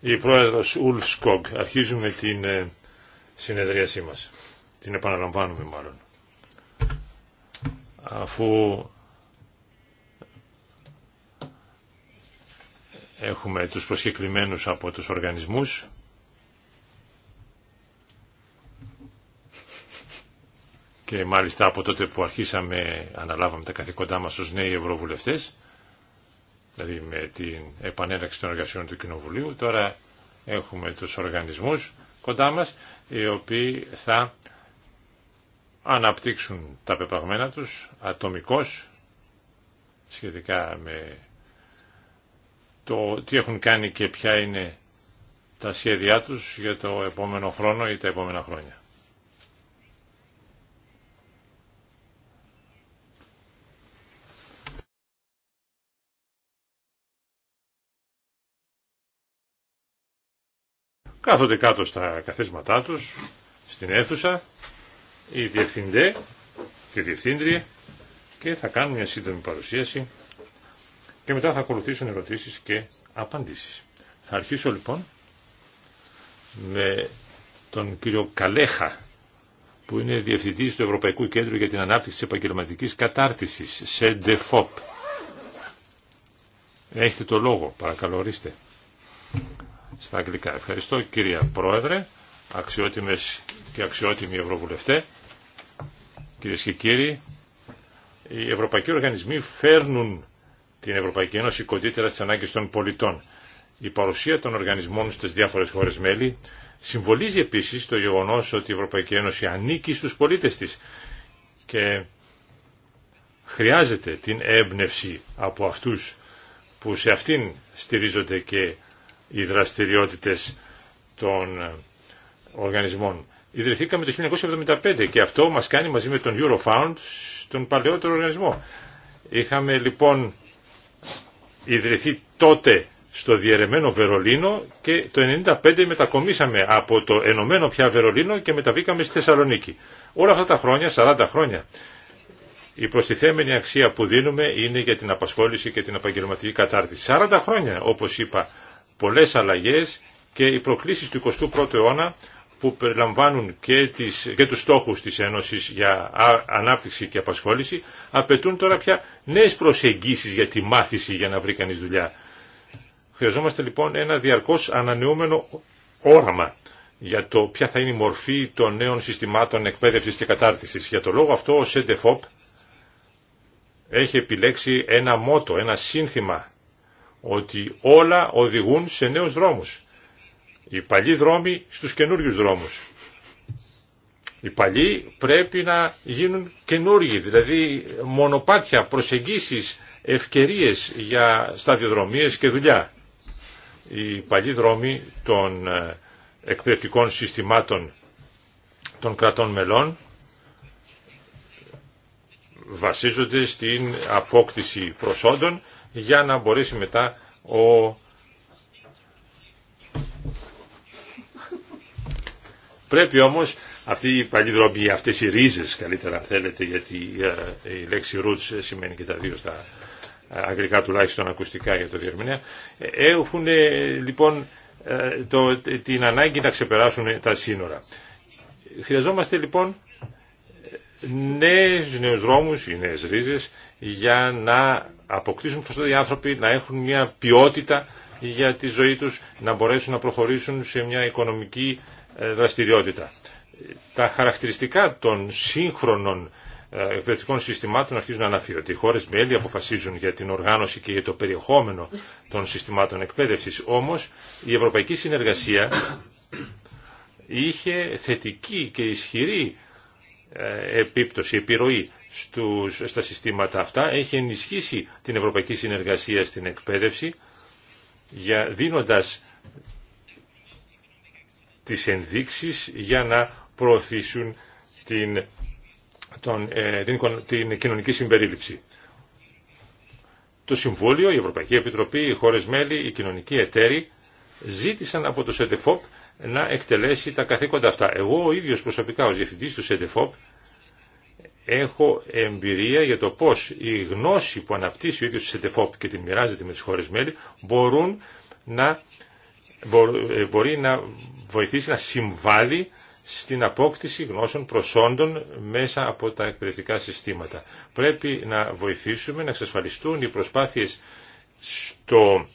η πρόεδρος Ουλφ Σκόγκ. Αρχίζουμε την ε, συνεδρίασή μας. Την επαναλαμβάνουμε μάλλον. Αφού έχουμε τους προσκεκλημένους από τους οργανισμούς, και μάλιστα από τότε που αρχίσαμε, αναλάβαμε τα καθηκοντά μας ως νέοι ευρωβουλευτές, δηλαδή με την επανέναξη των εργασιών του Κοινοβουλίου. Τώρα έχουμε τους οργανισμούς κοντά μας, οι οποίοι θα αναπτύξουν τα πεπραγμένα τους ατομικώς, σχετικά με το τι έχουν κάνει και ποια είναι τα σχέδιά τους για το επόμενο χρόνο ή τα επόμενα χρόνια. Κάθονται κάτω στα καθέσματά τους, στην αίθουσα, οι διευθυντέ και διευθύντριε και θα κάνουν μια σύντομη παρουσίαση και μετά θα ακολουθήσουν ερωτήσεις και απαντήσεις. Θα αρχίσω λοιπόν με τον κύριο Καλέχα που είναι Διευθυντής του Ευρωπαϊκού Κέντρου για την Ανάπτυξη της Επαγγελματικής Κατάρτισης, ΣΕΝΤΕΦΟΠ. Έχετε το λόγο, παρακαλώ ορίστε στα αγγλικά. Ευχαριστώ κυρία Πρόεδρε, αξιότιμες και αξιότιμοι Ευρωβουλευτέ, κυρίες και κύριοι. Οι ευρωπαϊκοί οργανισμοί φέρνουν την Ευρωπαϊκή Ένωση κοντύτερα στις ανάγκες των πολιτών. Η παρουσία των οργανισμών στις διάφορες χώρες μέλη συμβολίζει επίσης το γεγονός ότι η Ευρωπαϊκή Ένωση ανήκει στους πολίτες της και χρειάζεται την έμπνευση από αυτούς που σε αυτήν στηρίζονται και οι δραστηριότητες των οργανισμών. Ιδρυθήκαμε το 1975 και αυτό μας κάνει μαζί με τον Eurofound τον παλαιότερο οργανισμό. Είχαμε λοιπόν ιδρυθεί τότε στο διαιρεμένο Βερολίνο και το 1995 μετακομίσαμε από το ενωμένο πια Βερολίνο και μεταβήκαμε στη Θεσσαλονίκη. Όλα αυτά τα χρόνια, 40 χρόνια, η προστιθέμενη αξία που δίνουμε είναι για την απασχόληση και την επαγγελματική κατάρτιση. 40 χρόνια, όπως είπα, πολλές αλλαγές και οι προκλήσεις του 21ου αιώνα που περιλαμβάνουν και, τις, και τους στόχους της Ένωσης για ανάπτυξη και απασχόληση απαιτούν τώρα πια νέες προσεγγίσεις για τη μάθηση για να βρει κανείς δουλειά. Χρειαζόμαστε λοιπόν ένα διαρκώς ανανεούμενο όραμα για το ποια θα είναι η μορφή των νέων συστημάτων εκπαίδευσης και κατάρτισης. Για το λόγο αυτό ο ΣΕΝΤΕΦΟΠ έχει επιλέξει ένα μότο, ένα σύνθημα ότι όλα οδηγούν σε νέους δρόμους. Οι παλιοί δρόμοι στους καινούριου δρόμους. Οι παλιοί πρέπει να γίνουν καινούργοι, δηλαδή μονοπάτια, προσεγγίσεις, ευκαιρίες για σταδιοδρομίες και δουλειά. Οι παλιοί δρόμοι των ε, εκπαιδευτικών συστημάτων των κρατών μελών βασίζονται στην απόκτηση προσόντων για να μπορέσει μετά ο... Πρέπει όμως αυτή η παλιδρόμοι, αυτές οι ρίζες καλύτερα θέλετε, γιατί ε, η λέξη roots σημαίνει και τα δύο στα αγγλικά τουλάχιστον ακουστικά για το διερμηνέα, ε, έχουν ε, λοιπόν το, την ανάγκη να ξεπεράσουν τα σύνορα. Χρειαζόμαστε λοιπόν νέες, νέους δρόμους ή νέες ρίζες για να αποκτήσουν προσόντα οι άνθρωποι, να έχουν μια ποιότητα για τη ζωή τους, να μπορέσουν να προχωρήσουν σε μια οικονομική ε, δραστηριότητα. Τα χαρακτηριστικά των σύγχρονων ε, εκπαιδευτικών συστημάτων αρχίζουν να ότι Οι χώρες μέλη αποφασίζουν για την οργάνωση και για το περιεχόμενο των συστημάτων εκπαίδευσης. Όμως η ευρωπαϊκή συνεργασία είχε θετική και ισχυρή ε, επίπτωση, επιρροή στους, στα συστήματα αυτά, έχει ενισχύσει την ευρωπαϊκή συνεργασία στην εκπαίδευση, για, δίνοντας τις ενδείξεις για να προωθήσουν την, τον, ε, την, την κοινωνική συμπερίληψη. Το Συμβούλιο, η Ευρωπαϊκή Επιτροπή, οι χώρες μέλη, οι κοινωνικοί εταίροι ζήτησαν από το ΣΕΤΕΦΟΠ να εκτελέσει τα καθήκοντα αυτά. Εγώ ο ίδιος προσωπικά ως διευθυντής του ΣΕΤΕΦΟΠ έχω εμπειρία για το πώς η γνώση που αναπτύσσει ο ίδιος της ΕΤΕΦΟΠ και την μοιράζεται με τις χώρες μέλη μπορούν να, ε, μπορεί να βοηθήσει να συμβάλλει στην απόκτηση γνώσεων προσόντων μέσα από τα εκπαιδευτικά συστήματα. Πρέπει να βοηθήσουμε να εξασφαλιστούν οι προσπάθειες στο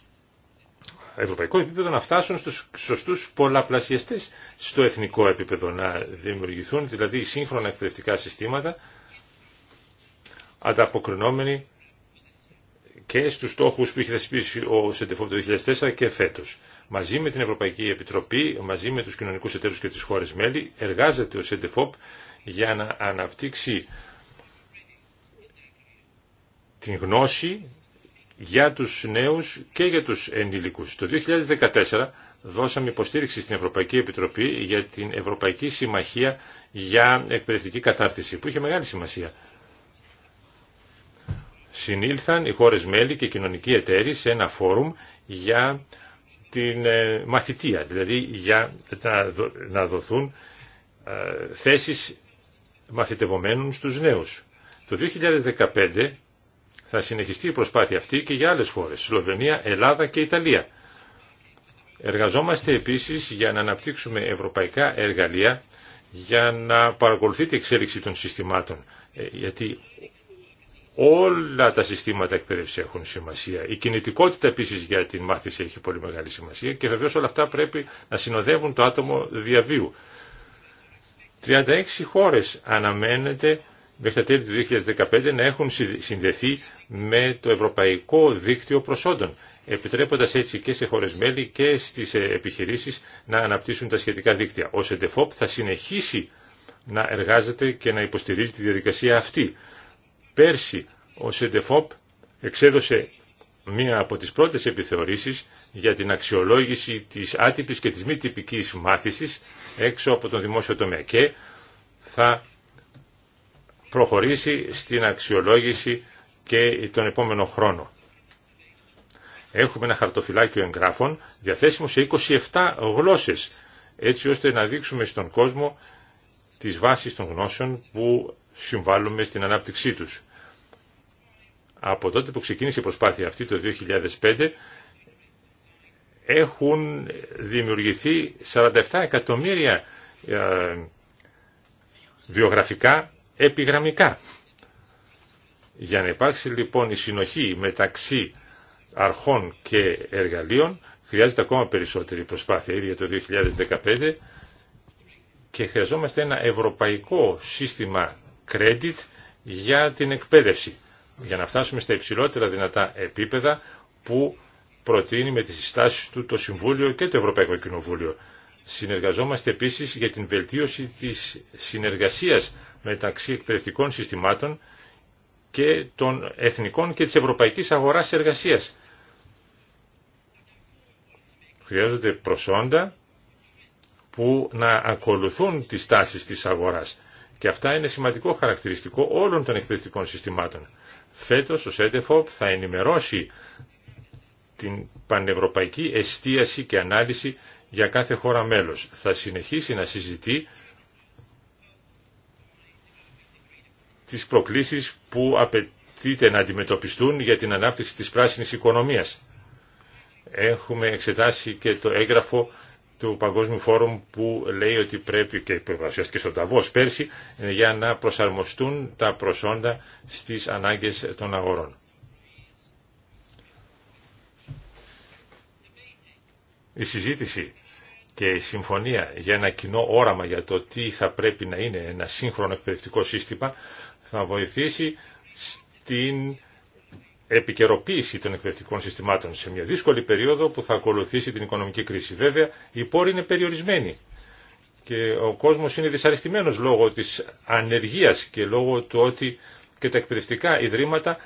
ευρωπαϊκό επίπεδο να φτάσουν στους σωστούς πολλαπλασιαστές στο εθνικό επίπεδο, να δημιουργηθούν δηλαδή σύγχρονα εκπαιδευτικά συστήματα ανταποκρινόμενοι και στους στόχους που είχε θεσπίσει ο Σεντεφόπ το 2004 και φέτος. Μαζί με την Ευρωπαϊκή Επιτροπή, μαζί με τους κοινωνικούς εταίρους και τις χώρες μέλη, εργάζεται ο Σεντεφόπ για να αναπτύξει την γνώση για τους νέους και για τους ενήλικους. Το 2014 δώσαμε υποστήριξη στην Ευρωπαϊκή Επιτροπή για την Ευρωπαϊκή Συμμαχία για Εκπαιδευτική Κατάρτιση, που είχε μεγάλη σημασία συνήλθαν οι χώρες μέλη και οι κοινωνικοί εταίροι σε ένα φόρουμ για την ε, μαθητεία, δηλαδή για να δοθούν ε, θέσεις μαθητευομένων στους νέους. Το 2015 θα συνεχιστεί η προσπάθεια αυτή και για άλλες χώρες, Σλοβενία, Ελλάδα και Ιταλία. Εργαζόμαστε επίσης για να αναπτύξουμε ευρωπαϊκά εργαλεία για να παρακολουθεί την εξέλιξη των συστημάτων, ε, γιατί Όλα τα συστήματα εκπαίδευση έχουν σημασία. Η κινητικότητα επίση για την μάθηση έχει πολύ μεγάλη σημασία και βεβαίω όλα αυτά πρέπει να συνοδεύουν το άτομο διαβίου. 36 χώρε αναμένεται μέχρι τα τέλη του 2015 να έχουν συνδεθεί με το Ευρωπαϊκό Δίκτυο Προσόντων, επιτρέποντας έτσι και σε χώρες μέλη και στις ε, επιχειρήσεις να αναπτύσσουν τα σχετικά δίκτυα. Ο ΣΕΝΤΕΦΟΠ θα συνεχίσει να εργάζεται και να υποστηρίζει τη διαδικασία αυτή. Πέρσι ο ΣΕΝΤΕΦΟΠ εξέδωσε μία από τις πρώτες επιθεωρήσεις για την αξιολόγηση της άτυπης και της μη τυπικής μάθησης έξω από τον δημόσιο τομέα και θα προχωρήσει στην αξιολόγηση και τον επόμενο χρόνο. Έχουμε ένα χαρτοφυλάκιο εγγράφων διαθέσιμο σε 27 γλώσσες έτσι ώστε να δείξουμε στον κόσμο τις βάσεις των γνώσεων που συμβάλλουμε στην ανάπτυξή τους. Από τότε που ξεκίνησε η προσπάθεια αυτή το 2005 έχουν δημιουργηθεί 47 εκατομμύρια ε, βιογραφικά επιγραμμικά. Για να υπάρξει λοιπόν η συνοχή μεταξύ αρχών και εργαλείων χρειάζεται ακόμα περισσότερη προσπάθεια ήδη για το 2015 και χρειαζόμαστε ένα ευρωπαϊκό σύστημα credit για την εκπαίδευση, για να φτάσουμε στα υψηλότερα δυνατά επίπεδα που προτείνει με τις συστάσεις του το Συμβούλιο και το Ευρωπαϊκό Κοινοβούλιο. Συνεργαζόμαστε επίσης για την βελτίωση της συνεργασίας μεταξύ εκπαιδευτικών συστημάτων και των εθνικών και της ευρωπαϊκής αγοράς εργασίας. Χρειάζονται προσόντα που να ακολουθούν τις τάσεις της αγοράς και αυτά είναι σημαντικό χαρακτηριστικό όλων των εκπαιδευτικών συστημάτων. Φέτος ο ΣΕΤΕΦΟΠ θα ενημερώσει την πανευρωπαϊκή εστίαση και ανάλυση για κάθε χώρα μέλος. Θα συνεχίσει να συζητεί τις προκλήσεις που απαιτείται να αντιμετωπιστούν για την ανάπτυξη της πράσινης οικονομίας. Έχουμε εξετάσει και το έγγραφο του παγκόσμιο Φόρουμ που λέει ότι πρέπει και παρουσιάστηκε στον Ταβό πέρσι ε, για να προσαρμοστούν τα προσόντα στις ανάγκες των αγορών. Η συζήτηση και η συμφωνία για ένα κοινό όραμα για το τι θα πρέπει να είναι ένα σύγχρονο εκπαιδευτικό σύστημα θα βοηθήσει στην επικαιροποίηση των εκπαιδευτικών συστημάτων σε μια δύσκολη περίοδο που θα ακολουθήσει την οικονομική κρίση. Βέβαια, οι πόροι είναι περιορισμένοι και ο κόσμος είναι δυσαρεστημένος λόγω της ανεργίας και λόγω του ότι και τα εκπαιδευτικά ιδρύματα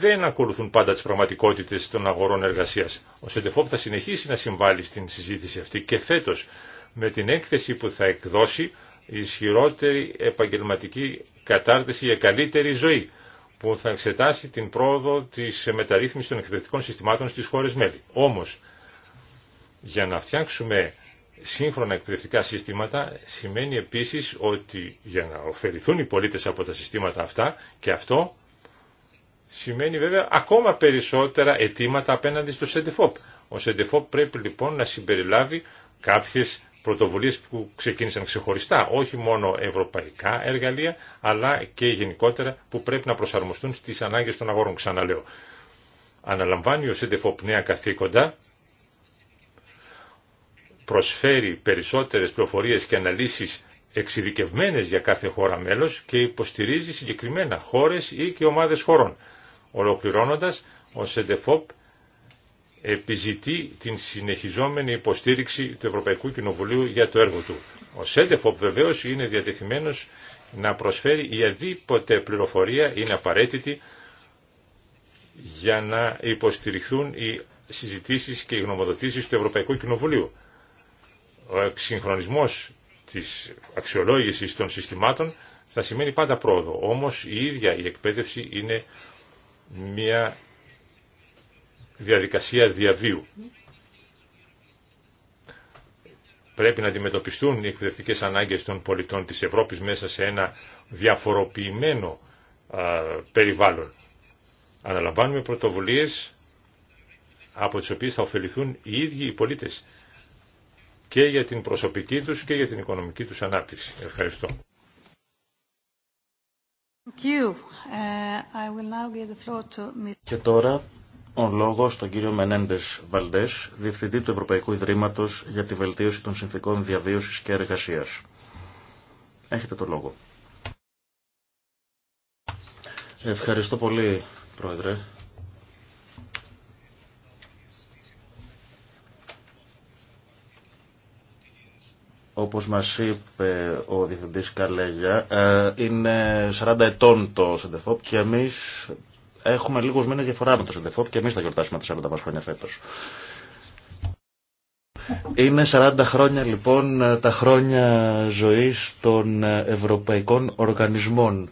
δεν ακολουθούν πάντα τις πραγματικότητες των αγορών εργασίας. Ο Σεντεφόπ θα συνεχίσει να συμβάλλει στην συζήτηση αυτή και φέτος με την έκθεση που θα εκδώσει ισχυρότερη επαγγελματική κατάρτιση για καλύτερη ζωή που θα εξετάσει την πρόοδο της μεταρρύθμισης των εκπαιδευτικών συστημάτων στις χώρες μέλη. Όμως, για να φτιάξουμε σύγχρονα εκπαιδευτικά συστήματα σημαίνει επίσης ότι για να ωφεληθούν οι πολίτες από τα συστήματα αυτά και αυτό σημαίνει βέβαια ακόμα περισσότερα αιτήματα απέναντι στο ΣΕΝΤΕΦΟΠ. Ο ΣΕΝΤΕΦΟΠ πρέπει λοιπόν να συμπεριλάβει κάποιες πρωτοβουλίες που ξεκίνησαν ξεχωριστά, όχι μόνο ευρωπαϊκά εργαλεία, αλλά και γενικότερα που πρέπει να προσαρμοστούν στις ανάγκες των αγορών, ξαναλέω. Αναλαμβάνει ο ΣΕΤΕΦΟΠ νέα καθήκοντα, προσφέρει περισσότερες πληροφορίες και αναλύσεις εξειδικευμένες για κάθε χώρα μέλος και υποστηρίζει συγκεκριμένα χώρες ή και ομάδες χωρών. Ολοκληρώνοντας, ο ΣΕΤΕΦΟΠ επιζητεί την συνεχιζόμενη υποστήριξη του Ευρωπαϊκού Κοινοβουλίου για το έργο του. Ο ΣΕΝΤΕΦΟΠ βεβαίω είναι διατεθειμένος να προσφέρει η αδίποτε πληροφορία είναι απαραίτητη για να υποστηριχθούν οι συζητήσεις και οι γνωμοδοτήσεις του Ευρωπαϊκού Κοινοβουλίου. Ο συγχρονισμός της αξιολόγησης των συστημάτων θα σημαίνει πάντα πρόοδο. Όμως η ίδια η εκπαίδευση είναι μια διαδικασία διαβίου. Πρέπει να αντιμετωπιστούν οι εκπαιδευτικές ανάγκες των πολιτών της Ευρώπης μέσα σε ένα διαφοροποιημένο περιβάλλον. Αναλαμβάνουμε πρωτοβουλίες από τις οποίες θα ωφεληθούν οι ίδιοι οι πολίτες και για την προσωπική τους και για την οικονομική τους ανάπτυξη. Ευχαριστώ. Και τώρα ο λόγο στον κύριο Μενέντε Βαλντέ, Διευθυντή του Ευρωπαϊκού Ιδρύματο για τη Βελτίωση των Συνθηκών Διαβίωση και Εργασία. Έχετε το λόγο. Ευχαριστώ πολύ, Πρόεδρε. όπως μας είπε ο Διευθυντής Καλέγια, ε, είναι 40 ετών το ΣΕΝΤΕΦΟΠ και εμείς Έχουμε λίγους μήνες διαφορά με το ΣΕΝΤΕΦΟΠ και εμείς θα γιορτάσουμε τα 40 χρόνια φέτος. Είναι 40 χρόνια λοιπόν τα χρόνια ζωής των ευρωπαϊκών οργανισμών.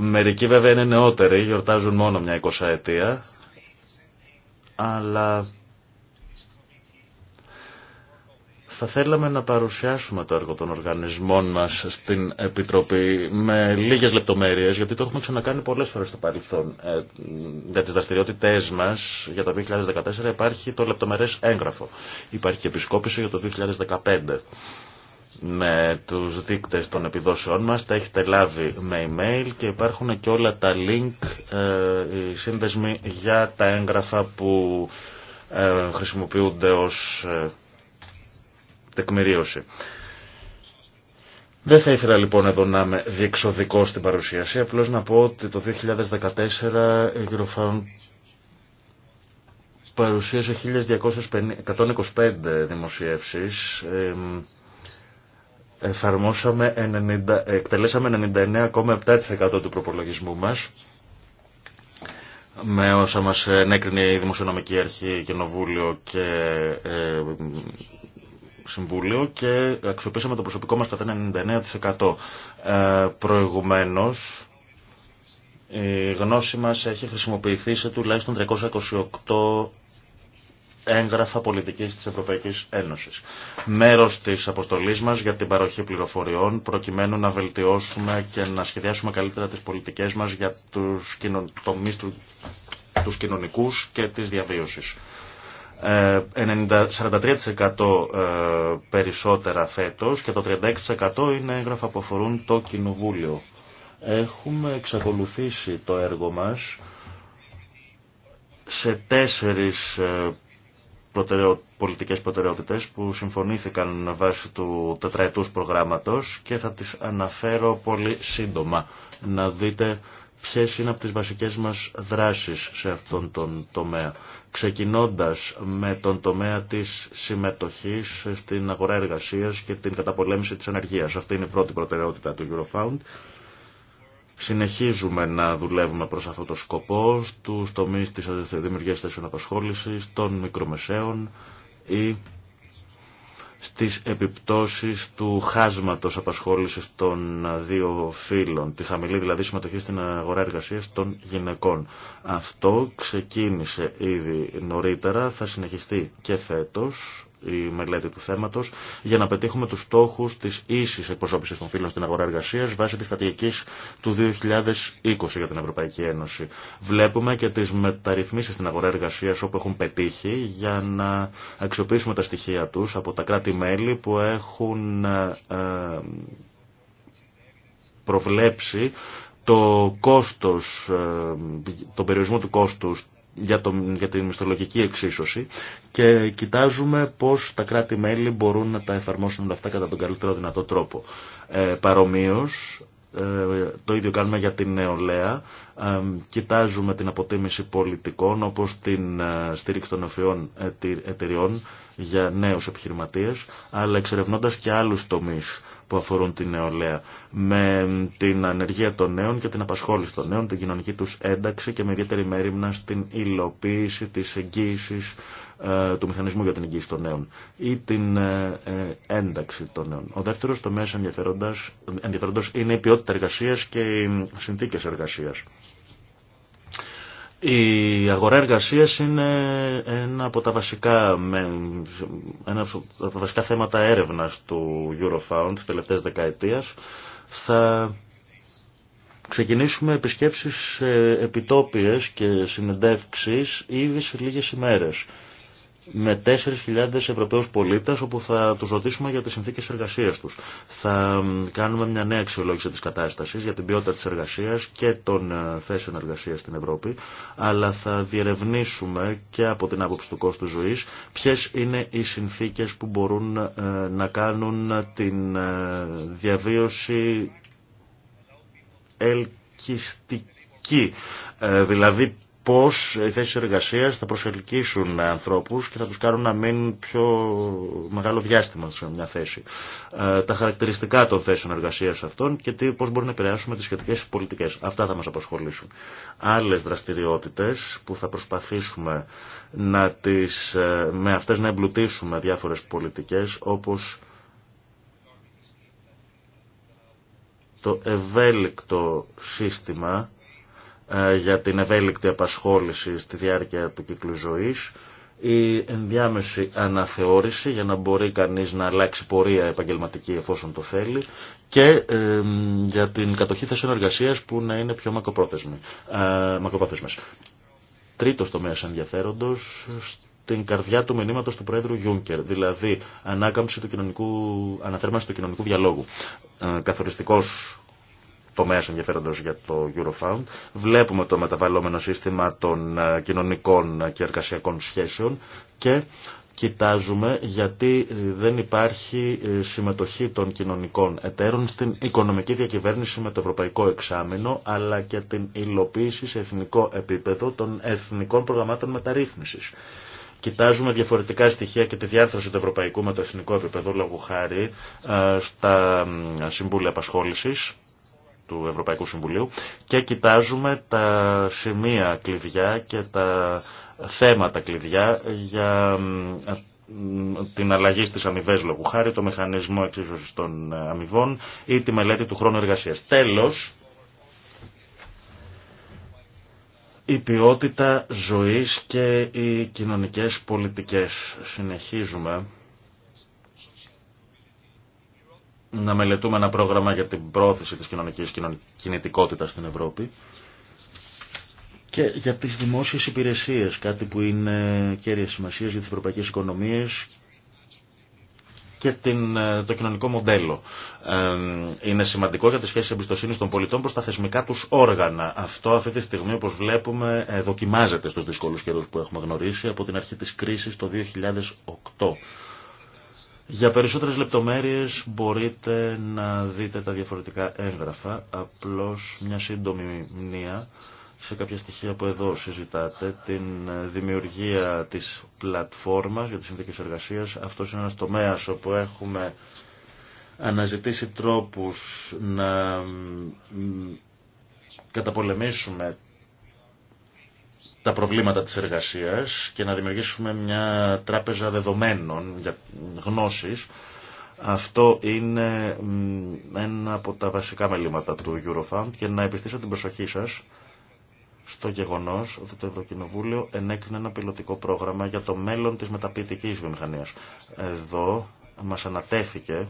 Μερικοί βέβαια είναι νεότεροι, γιορτάζουν μόνο μια εικοσαετία, αλλά Θα θέλαμε να παρουσιάσουμε το έργο των οργανισμών μας στην Επιτροπή με λίγες λεπτομέρειες, γιατί το έχουμε ξανακάνει πολλές φορές στο παρελθόν. Ε, για τις δραστηριότητές μας για το 2014 υπάρχει το λεπτομερές έγγραφο. Υπάρχει επισκόπηση για το 2015 με τους δείκτες των επιδόσεών μας, τα έχετε λάβει με email και υπάρχουν και όλα τα link, ε, οι σύνδεσμοι για τα έγγραφα που ε, χρησιμοποιούνται ως τεκμηρίωση. Δεν θα ήθελα λοιπόν εδώ να είμαι διεξοδικό στην παρουσίαση, απλώς να πω ότι το 2014 η Eurofound παρουσίασε 1.225 δημοσιεύσεις, εφαρμόσαμε 90, εκτελέσαμε 99,7% του προπολογισμού μας, με όσα μας ενέκρινε η Δημοσιονομική Αρχή, Κοινοβούλιο και ε, Συμβούλιο και αξιοποιήσαμε το προσωπικό μας κατά 99%. Ε, προηγουμένως, η γνώση μας έχει χρησιμοποιηθεί σε τουλάχιστον 328 έγγραφα πολιτικής της Ευρωπαϊκής Ένωσης. Μέρος της αποστολής μας για την παροχή πληροφοριών προκειμένου να βελτιώσουμε και να σχεδιάσουμε καλύτερα τις πολιτικές μας για τους τομείς του τους κοινωνικούς και τις διαβίωσης. 43% ε, ε, περισσότερα φέτος και το 36% είναι έγγραφα που αφορούν το Κοινοβούλιο. Έχουμε εξακολουθήσει το έργο μας σε τέσσερις ε, πολιτικές προτεραιότητες που συμφωνήθηκαν βάσει του τετραετούς προγράμματος και θα τις αναφέρω πολύ σύντομα. Να δείτε Ποιε είναι από τις βασικές μας δράσεις σε αυτόν τον τομέα. Ξεκινώντας με τον τομέα της συμμετοχής στην αγορά εργασίας και την καταπολέμηση της ανεργία. Αυτή είναι η πρώτη προτεραιότητα του Eurofound. Συνεχίζουμε να δουλεύουμε προς αυτό το σκοπό, στους τομείς της δημιουργίας θέσεων απασχόλησης, των μικρομεσαίων ή στις επιπτώσεις του χάσματος απασχόλησης των δύο φύλων, τη χαμηλή δηλαδή συμμετοχή στην αγορά εργασίας των γυναικών. Αυτό ξεκίνησε ήδη νωρίτερα, θα συνεχιστεί και φέτος η μελέτη του θέματος για να πετύχουμε τους στόχους της ίσης εκπροσώπηση των φύλων στην αγορά εργασίας βάσει της στρατηγικής του 2020 για την Ευρωπαϊκή Ένωση. Βλέπουμε και τις μεταρρυθμίσεις στην αγορά εργασίας όπου έχουν πετύχει για να αξιοποιήσουμε τα στοιχεία τους από τα κράτη-μέλη που έχουν ε, ε, προβλέψει το κόστος, ε, τον περιορισμό του κόστους για, το, για τη μισθολογική εξίσωση και κοιτάζουμε πώς τα κράτη-μέλη μπορούν να τα εφαρμόσουν αυτά κατά τον καλύτερο δυνατό τρόπο. Ε, παρομοίως, ε, το ίδιο κάνουμε για την νεολαία. Ε, κοιτάζουμε την αποτίμηση πολιτικών όπως την ε, στήριξη των εταιριών για νέους επιχειρηματίες αλλά εξερευνώντας και άλλους τομείς που αφορούν την νεολαία, με την ανεργία των νέων και την απασχόληση των νέων, την κοινωνική τους ένταξη και με ιδιαίτερη μέρημνα στην υλοποίηση της εγγύησης ε, του μηχανισμού για την εγγύηση των νέων ή την ε, ε, ένταξη των νέων. Ο δεύτερος τομέας ενδιαφέροντος είναι η ποιότητα εργασίας και οι συνθήκες εργασίας. Η αγορά εργασία είναι ένα από, τα βασικά, ένα από τα βασικά θέματα έρευνας του Eurofound της τελευταίας δεκαετίας. Θα ξεκινήσουμε επισκέψεις επιτόπιες και συνεντεύξεις ήδη σε λίγες ημέρες με 4.000 Ευρωπαίους πολίτες όπου θα τους ρωτήσουμε για τις συνθήκες εργασίας τους. Θα κάνουμε μια νέα αξιολόγηση της κατάστασης για την ποιότητα της εργασίας και των ε, θέσεων εργασίας στην Ευρώπη, αλλά θα διερευνήσουμε και από την άποψη του κόστου ζωής ποιες είναι οι συνθήκες που μπορούν ε, να κάνουν την ε, διαβίωση ελκυστική. Δηλαδή πώς οι θέσεις εργασίας θα προσελκύσουν ανθρώπους και θα τους κάνουν να μείνουν πιο μεγάλο διάστημα σε μια θέση. Ε, τα χαρακτηριστικά των θέσεων εργασίας αυτών και τι, πώς μπορούν να επηρεάσουμε τις σχετικές πολιτικές. Αυτά θα μας απασχολήσουν. Άλλες δραστηριότητες που θα προσπαθήσουμε να τις, ε, με αυτές να εμπλουτίσουμε διάφορες πολιτικές όπως το ευέλικτο σύστημα ε, για την ευέλικτη απασχόληση στη διάρκεια του κύκλου ζωής, η ενδιάμεση αναθεώρηση για να μπορεί κανείς να αλλάξει πορεία επαγγελματική εφόσον το θέλει και ε, για την κατοχή θέσεων εργασίας που να είναι πιο ε, μακροπρόθεσμες. Τρίτος τομέας ενδιαφέροντος στην καρδιά του μηνύματος του Πρόεδρου Γιούνκερ, δηλαδή ανάκαμψη του κοινωνικού, αναθέρμανση του κοινωνικού διαλόγου. καθοριστικός τομέας ενδιαφέροντος για το Eurofound. Βλέπουμε το μεταβαλλόμενο σύστημα των ε, κοινωνικών και εργασιακών σχέσεων και κοιτάζουμε γιατί ε, δεν υπάρχει ε, συμμετοχή των κοινωνικών εταίρων στην οικονομική διακυβέρνηση με το Ευρωπαϊκό Εξάμεινο αλλά και την υλοποίηση σε εθνικό επίπεδο των εθνικών προγραμμάτων μεταρρύθμισης. Κοιτάζουμε διαφορετικά στοιχεία και τη διάρθρωση του ευρωπαϊκού με το εθνικό επίπεδο λόγω χάρη στα Συμβούλια Απασχόλησης του Ευρωπαϊκού Συμβουλίου και κοιτάζουμε τα σημεία κλειδιά και τα θέματα κλειδιά για την αλλαγή στις αμοιβέ λόγου χάρη, το μηχανισμό εξίσωσης των αμοιβών ή τη μελέτη του χρόνου εργασίας. Τέλος, η ποιότητα ζωής και οι κοινωνικές πολιτικές. Συνεχίζουμε να μελετούμε ένα πρόγραμμα για την πρόθεση της κοινωνικής κινητικότητας στην Ευρώπη και για τις δημόσιες υπηρεσίες, κάτι που είναι κέρια σημασία για τις ευρωπαϊκές οικονομίες και την, ε, το κοινωνικό μοντέλο. Ε, είναι σημαντικό για τη σχέση εμπιστοσύνη των πολιτών προ τα θεσμικά του όργανα. Αυτό αυτή τη στιγμή, όπω βλέπουμε, ε, δοκιμάζεται στου δύσκολου καιρού που έχουμε γνωρίσει από την αρχή τη κρίση το 2008. Για περισσότερες λεπτομέρειες μπορείτε να δείτε τα διαφορετικά έγγραφα, απλώς μια σύντομη μνήα σε κάποια στοιχεία που εδώ συζητάτε, την δημιουργία της πλατφόρμας για τις συνθήκες εργασίας. Αυτός είναι ένας τομέας όπου έχουμε αναζητήσει τρόπους να καταπολεμήσουμε τα προβλήματα της εργασίας και να δημιουργήσουμε μια τράπεζα δεδομένων για γνώσεις. Αυτό είναι ένα από τα βασικά μελήματα του Eurofund και να επιστήσω την προσοχή σας στο γεγονός ότι το Ευρωκοινοβούλιο ενέκρινε ένα πιλωτικό πρόγραμμα για το μέλλον της μεταποιητικής βιομηχανίας. Εδώ μας ανατέθηκε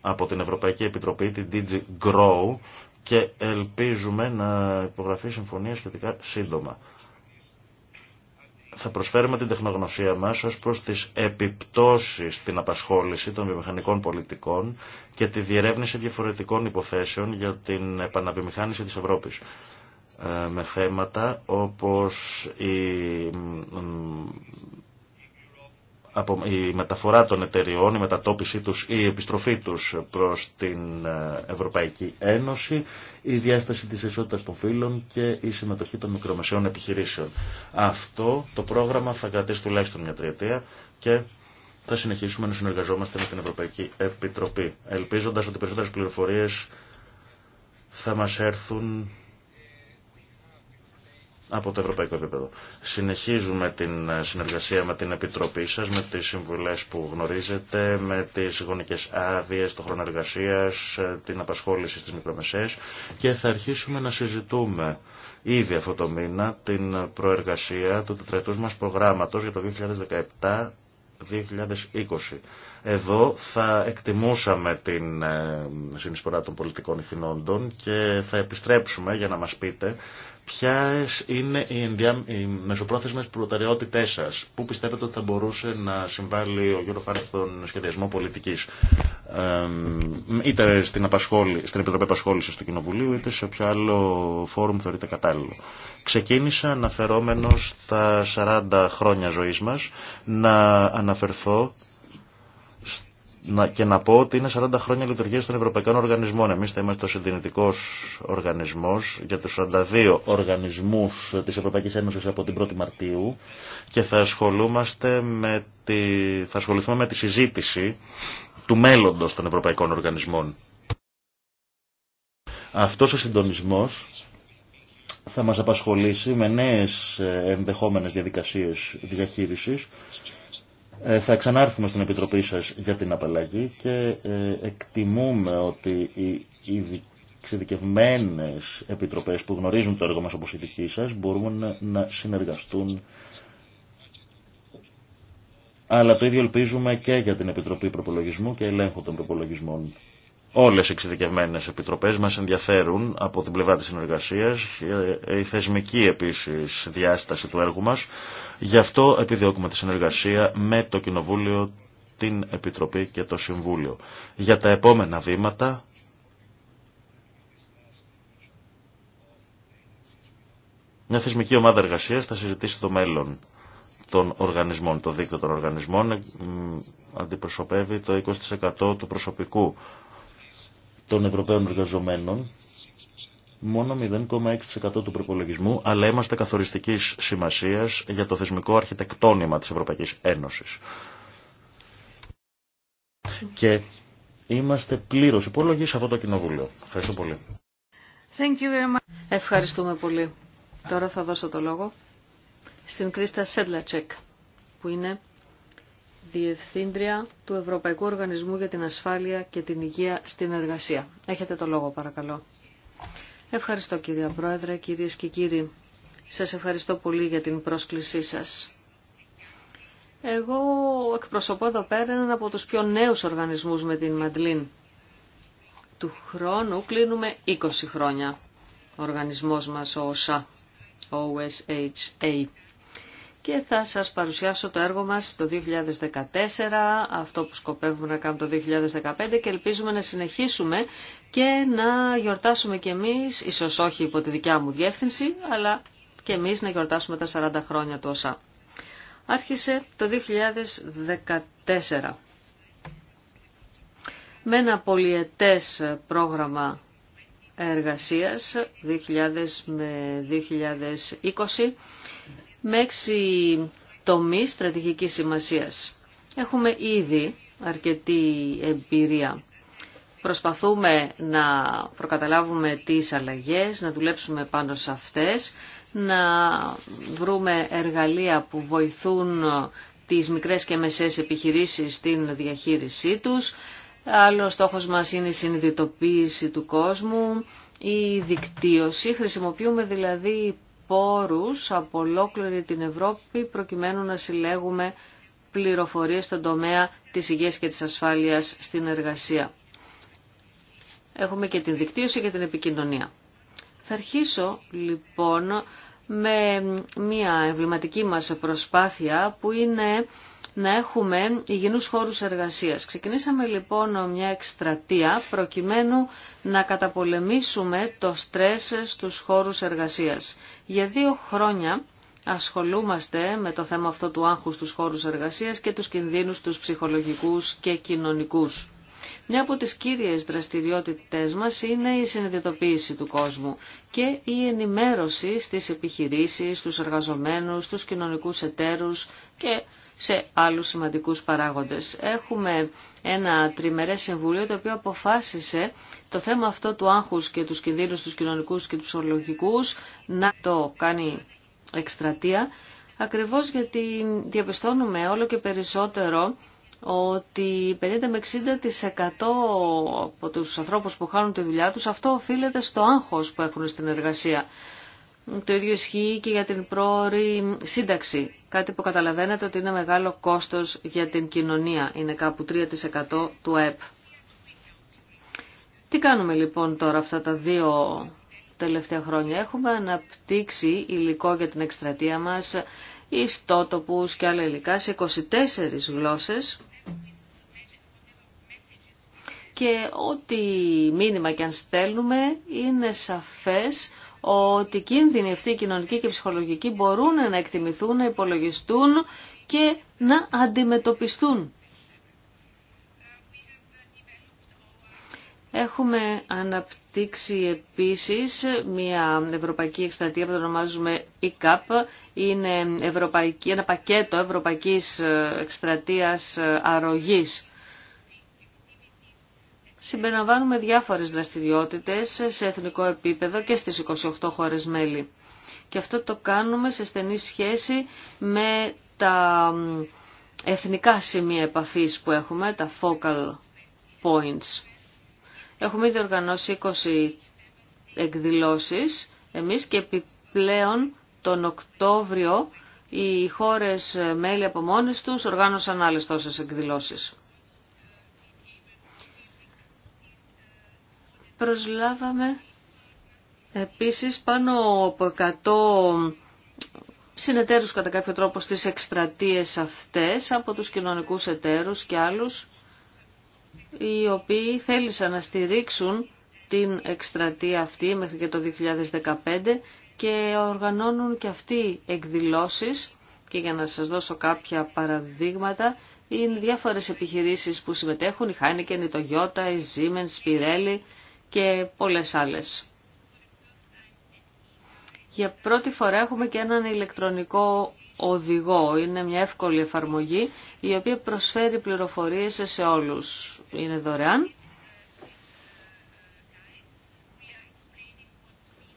από την Ευρωπαϊκή Επιτροπή, την DG Grow και ελπίζουμε να υπογραφεί συμφωνία σχετικά σύντομα θα προσφέρουμε την τεχνογνωσία μας ως προς τις επιπτώσεις στην απασχόληση των βιομηχανικών πολιτικών και τη διερεύνηση διαφορετικών υποθέσεων για την επαναβιομηχάνηση της Ευρώπης ε, με θέματα όπως η η μεταφορά των εταιριών, η μετατόπιση τους ή η επιστροφή τους προς την ε, Ευρωπαϊκή Ένωση, η διάσταση της ισότητας των φύλων και η συμμετοχή των μικρομεσαίων επιχειρήσεων. Αυτό το πρόγραμμα θα κρατήσει τουλάχιστον μια τριετία και θα συνεχίσουμε να συνεργαζόμαστε με την Ευρωπαϊκή Επιτροπή, ελπίζοντας ότι περισσότερες πληροφορίες θα μας έρθουν από το ευρωπαϊκό επίπεδο. Συνεχίζουμε την ε, συνεργασία με την Επιτροπή σας, με τις συμβουλές που γνωρίζετε, με τις γονικές άδειε, το χρόνο εργασία, ε, την απασχόληση στις μικρομεσαίες και θα αρχίσουμε να συζητούμε ήδη αυτό το μήνα την προεργασία του τετραετούς μας προγράμματος για το 2017 2020. Εδώ θα εκτιμούσαμε την ε, συνεισφορά των πολιτικών ηθινόντων και θα επιστρέψουμε για να μας πείτε ποιες είναι οι, ενδια... οι μεσοπρόθεσμες προτεραιότητές σας. Πού πιστεύετε ότι θα μπορούσε να συμβάλλει ο Γιώργο Φάρα στον σχεδιασμό πολιτικής. είτε στην, στην Επιτροπή Απασχόλησης του Κοινοβουλίου, είτε σε ποιο άλλο φόρουμ θεωρείται κατάλληλο. Ξεκίνησα αναφερόμενο στα 40 χρόνια ζωής μας να αναφερθώ και να πω ότι είναι 40 χρόνια λειτουργία των Ευρωπαϊκών Οργανισμών. Εμεί θα είμαστε ο συντηρητικό οργανισμό για του 42 οργανισμού τη Ευρωπαϊκή Ένωση από την 1η Μαρτίου και θα, ασχολούμαστε με τη, θα ασχοληθούμε με τη συζήτηση του μέλλοντο των Ευρωπαϊκών Οργανισμών. Αυτό ο συντονισμό θα μα απασχολήσει με νέε ενδεχόμενε διαδικασίε διαχείριση. Ε, θα ξανάρθουμε στην Επιτροπή σας για την απαλλαγή και ε, εκτιμούμε ότι οι εξειδικευμένε επιτροπές που γνωρίζουν το έργο μας όπως η δική σας μπορούν να συνεργαστούν αλλά το ίδιο ελπίζουμε και για την Επιτροπή Προπολογισμού και Ελέγχου των Προπολογισμών. Όλες οι εξειδικευμένες επιτροπές μας ενδιαφέρουν από την πλευρά της συνεργασίας, η θεσμική επίσης διάσταση του έργου μας. Γι' αυτό επιδιώκουμε τη συνεργασία με το Κοινοβούλιο, την Επιτροπή και το Συμβούλιο. Για τα επόμενα βήματα Μια θεσμική ομάδα εργασίας θα συζητήσει το μέλλον των οργανισμών. Το δίκτυο των οργανισμών αντιπροσωπεύει το 20% του προσωπικού των Ευρωπαίων εργαζομένων, μόνο 0,6% του προπολογισμού, αλλά είμαστε καθοριστικής σημασίας για το θεσμικό αρχιτεκτόνημα της Ευρωπαϊκής Ένωσης. Και είμαστε πλήρως υπόλογοι σε αυτό το κοινοβούλιο. Ευχαριστώ πολύ. Thank you very much. Ευχαριστούμε πολύ. Τώρα θα δώσω το λόγο στην Κρίστα Σέντλατσεκ, που είναι Διευθύντρια του Ευρωπαϊκού Οργανισμού για την Ασφάλεια και την Υγεία στην Εργασία. Έχετε το λόγο παρακαλώ. Ευχαριστώ κυρία Πρόεδρε, κυρίες και κύριοι. Σας ευχαριστώ πολύ για την πρόσκλησή σας. Εγώ εκπροσωπώ εδώ πέρα έναν από τους πιο νέους οργανισμούς με την Μαντλίν. Του χρόνου κλείνουμε 20 χρόνια. οργανισμός μας, ο OSHA και θα σας παρουσιάσω το έργο μας το 2014, αυτό που σκοπεύουμε να κάνουμε το 2015 και ελπίζουμε να συνεχίσουμε και να γιορτάσουμε κι εμείς, ίσως όχι υπό τη δικιά μου διεύθυνση, αλλά κι εμείς να γιορτάσουμε τα 40 χρόνια του ΩΣΑ. Άρχισε το 2014 με ένα πολυετές πρόγραμμα εργασίας 2000 με 2020 με έξι τομείς στρατηγικής σημασίας. Έχουμε ήδη αρκετή εμπειρία. Προσπαθούμε να προκαταλάβουμε τις αλλαγές, να δουλέψουμε πάνω σε αυτές, να βρούμε εργαλεία που βοηθούν τις μικρές και μεσές επιχειρήσεις στην διαχείρισή τους. Άλλο στόχος μας είναι η συνειδητοποίηση του κόσμου, η δικτύωση. Χρησιμοποιούμε δηλαδή πόρους από ολόκληρη την Ευρώπη προκειμένου να συλλέγουμε πληροφορίες στον τομέα της υγείας και της ασφάλειας στην εργασία. Έχουμε και την δικτύωση και την επικοινωνία. Θα αρχίσω λοιπόν με μια εμβληματική μας προσπάθεια που είναι να έχουμε υγιεινούς χώρους εργασίας. Ξεκινήσαμε λοιπόν μια εκστρατεία προκειμένου να καταπολεμήσουμε το στρες στους χώρους εργασίας. Για δύο χρόνια ασχολούμαστε με το θέμα αυτό του άγχου στους χώρους εργασίας και τους κινδύνους τους ψυχολογικούς και κοινωνικούς. Μια από τις κύριες δραστηριότητες μας είναι η συνειδητοποίηση του κόσμου και η ενημέρωση στις επιχειρήσεις, στους εργαζομένους, στους κοινωνικούς εταίρους και σε άλλους σημαντικούς παράγοντες. Έχουμε ένα τριμερές συμβούλιο το οποίο αποφάσισε το θέμα αυτό του άγχους και τους κινδύνους τους κοινωνικούς και τους ψυχολογικούς να το κάνει εκστρατεία ακριβώς γιατί διαπιστώνουμε όλο και περισσότερο ότι 50 με 60% από τους ανθρώπους που χάνουν τη δουλειά τους αυτό οφείλεται στο άγχος που έχουν στην εργασία. Το ίδιο ισχύει και για την πρόορη σύνταξη. Κάτι που καταλαβαίνετε ότι είναι μεγάλο κόστος για την κοινωνία. Είναι κάπου 3% του ΕΠ. Τι κάνουμε λοιπόν τώρα αυτά τα δύο τελευταία χρόνια. Έχουμε αναπτύξει υλικό για την εκστρατεία μας, ιστότοπους και άλλα υλικά σε 24 γλώσσες και ό,τι μήνυμα και αν στέλνουμε είναι σαφές ότι οι κίνδυνοι αυτοί οι κοινωνικοί και ψυχολογικοί μπορούν να εκτιμηθούν, να υπολογιστούν και να αντιμετωπιστούν. Έχουμε αναπτύξει επίσης μια ευρωπαϊκή εκστρατεία που το ονομάζουμε ECAP. Είναι ευρωπαϊκή, ένα πακέτο ευρωπαϊκής εκστρατείας αρρωγής συμπεριλαμβάνουμε διάφορες δραστηριότητε σε εθνικό επίπεδο και στις 28 χώρες μέλη. Και αυτό το κάνουμε σε στενή σχέση με τα εθνικά σημεία επαφής που έχουμε, τα focal points. Έχουμε ήδη οργανώσει 20 εκδηλώσεις εμείς και επιπλέον τον Οκτώβριο οι χώρες μέλη από μόνες τους οργάνωσαν άλλες τόσες εκδηλώσεις. Προσλάβαμε επίσης πάνω από 100 συνεταίρους κατά κάποιο τρόπο στις εκστρατείες αυτές από τους κοινωνικούς εταίρους και άλλους οι οποίοι θέλησαν να στηρίξουν την εκστρατεία αυτή μέχρι και το 2015 και οργανώνουν και αυτοί εκδηλώσεις και για να σας δώσω κάποια παραδείγματα είναι διάφορες επιχειρήσεις που συμμετέχουν, η Χάνικεν, η Toyota, η Ζήμεν, η Σπιρέλη και πολλές άλλες. Για πρώτη φορά έχουμε και έναν ηλεκτρονικό οδηγό. Είναι μια εύκολη εφαρμογή η οποία προσφέρει πληροφορίες σε όλους. Είναι δωρεάν.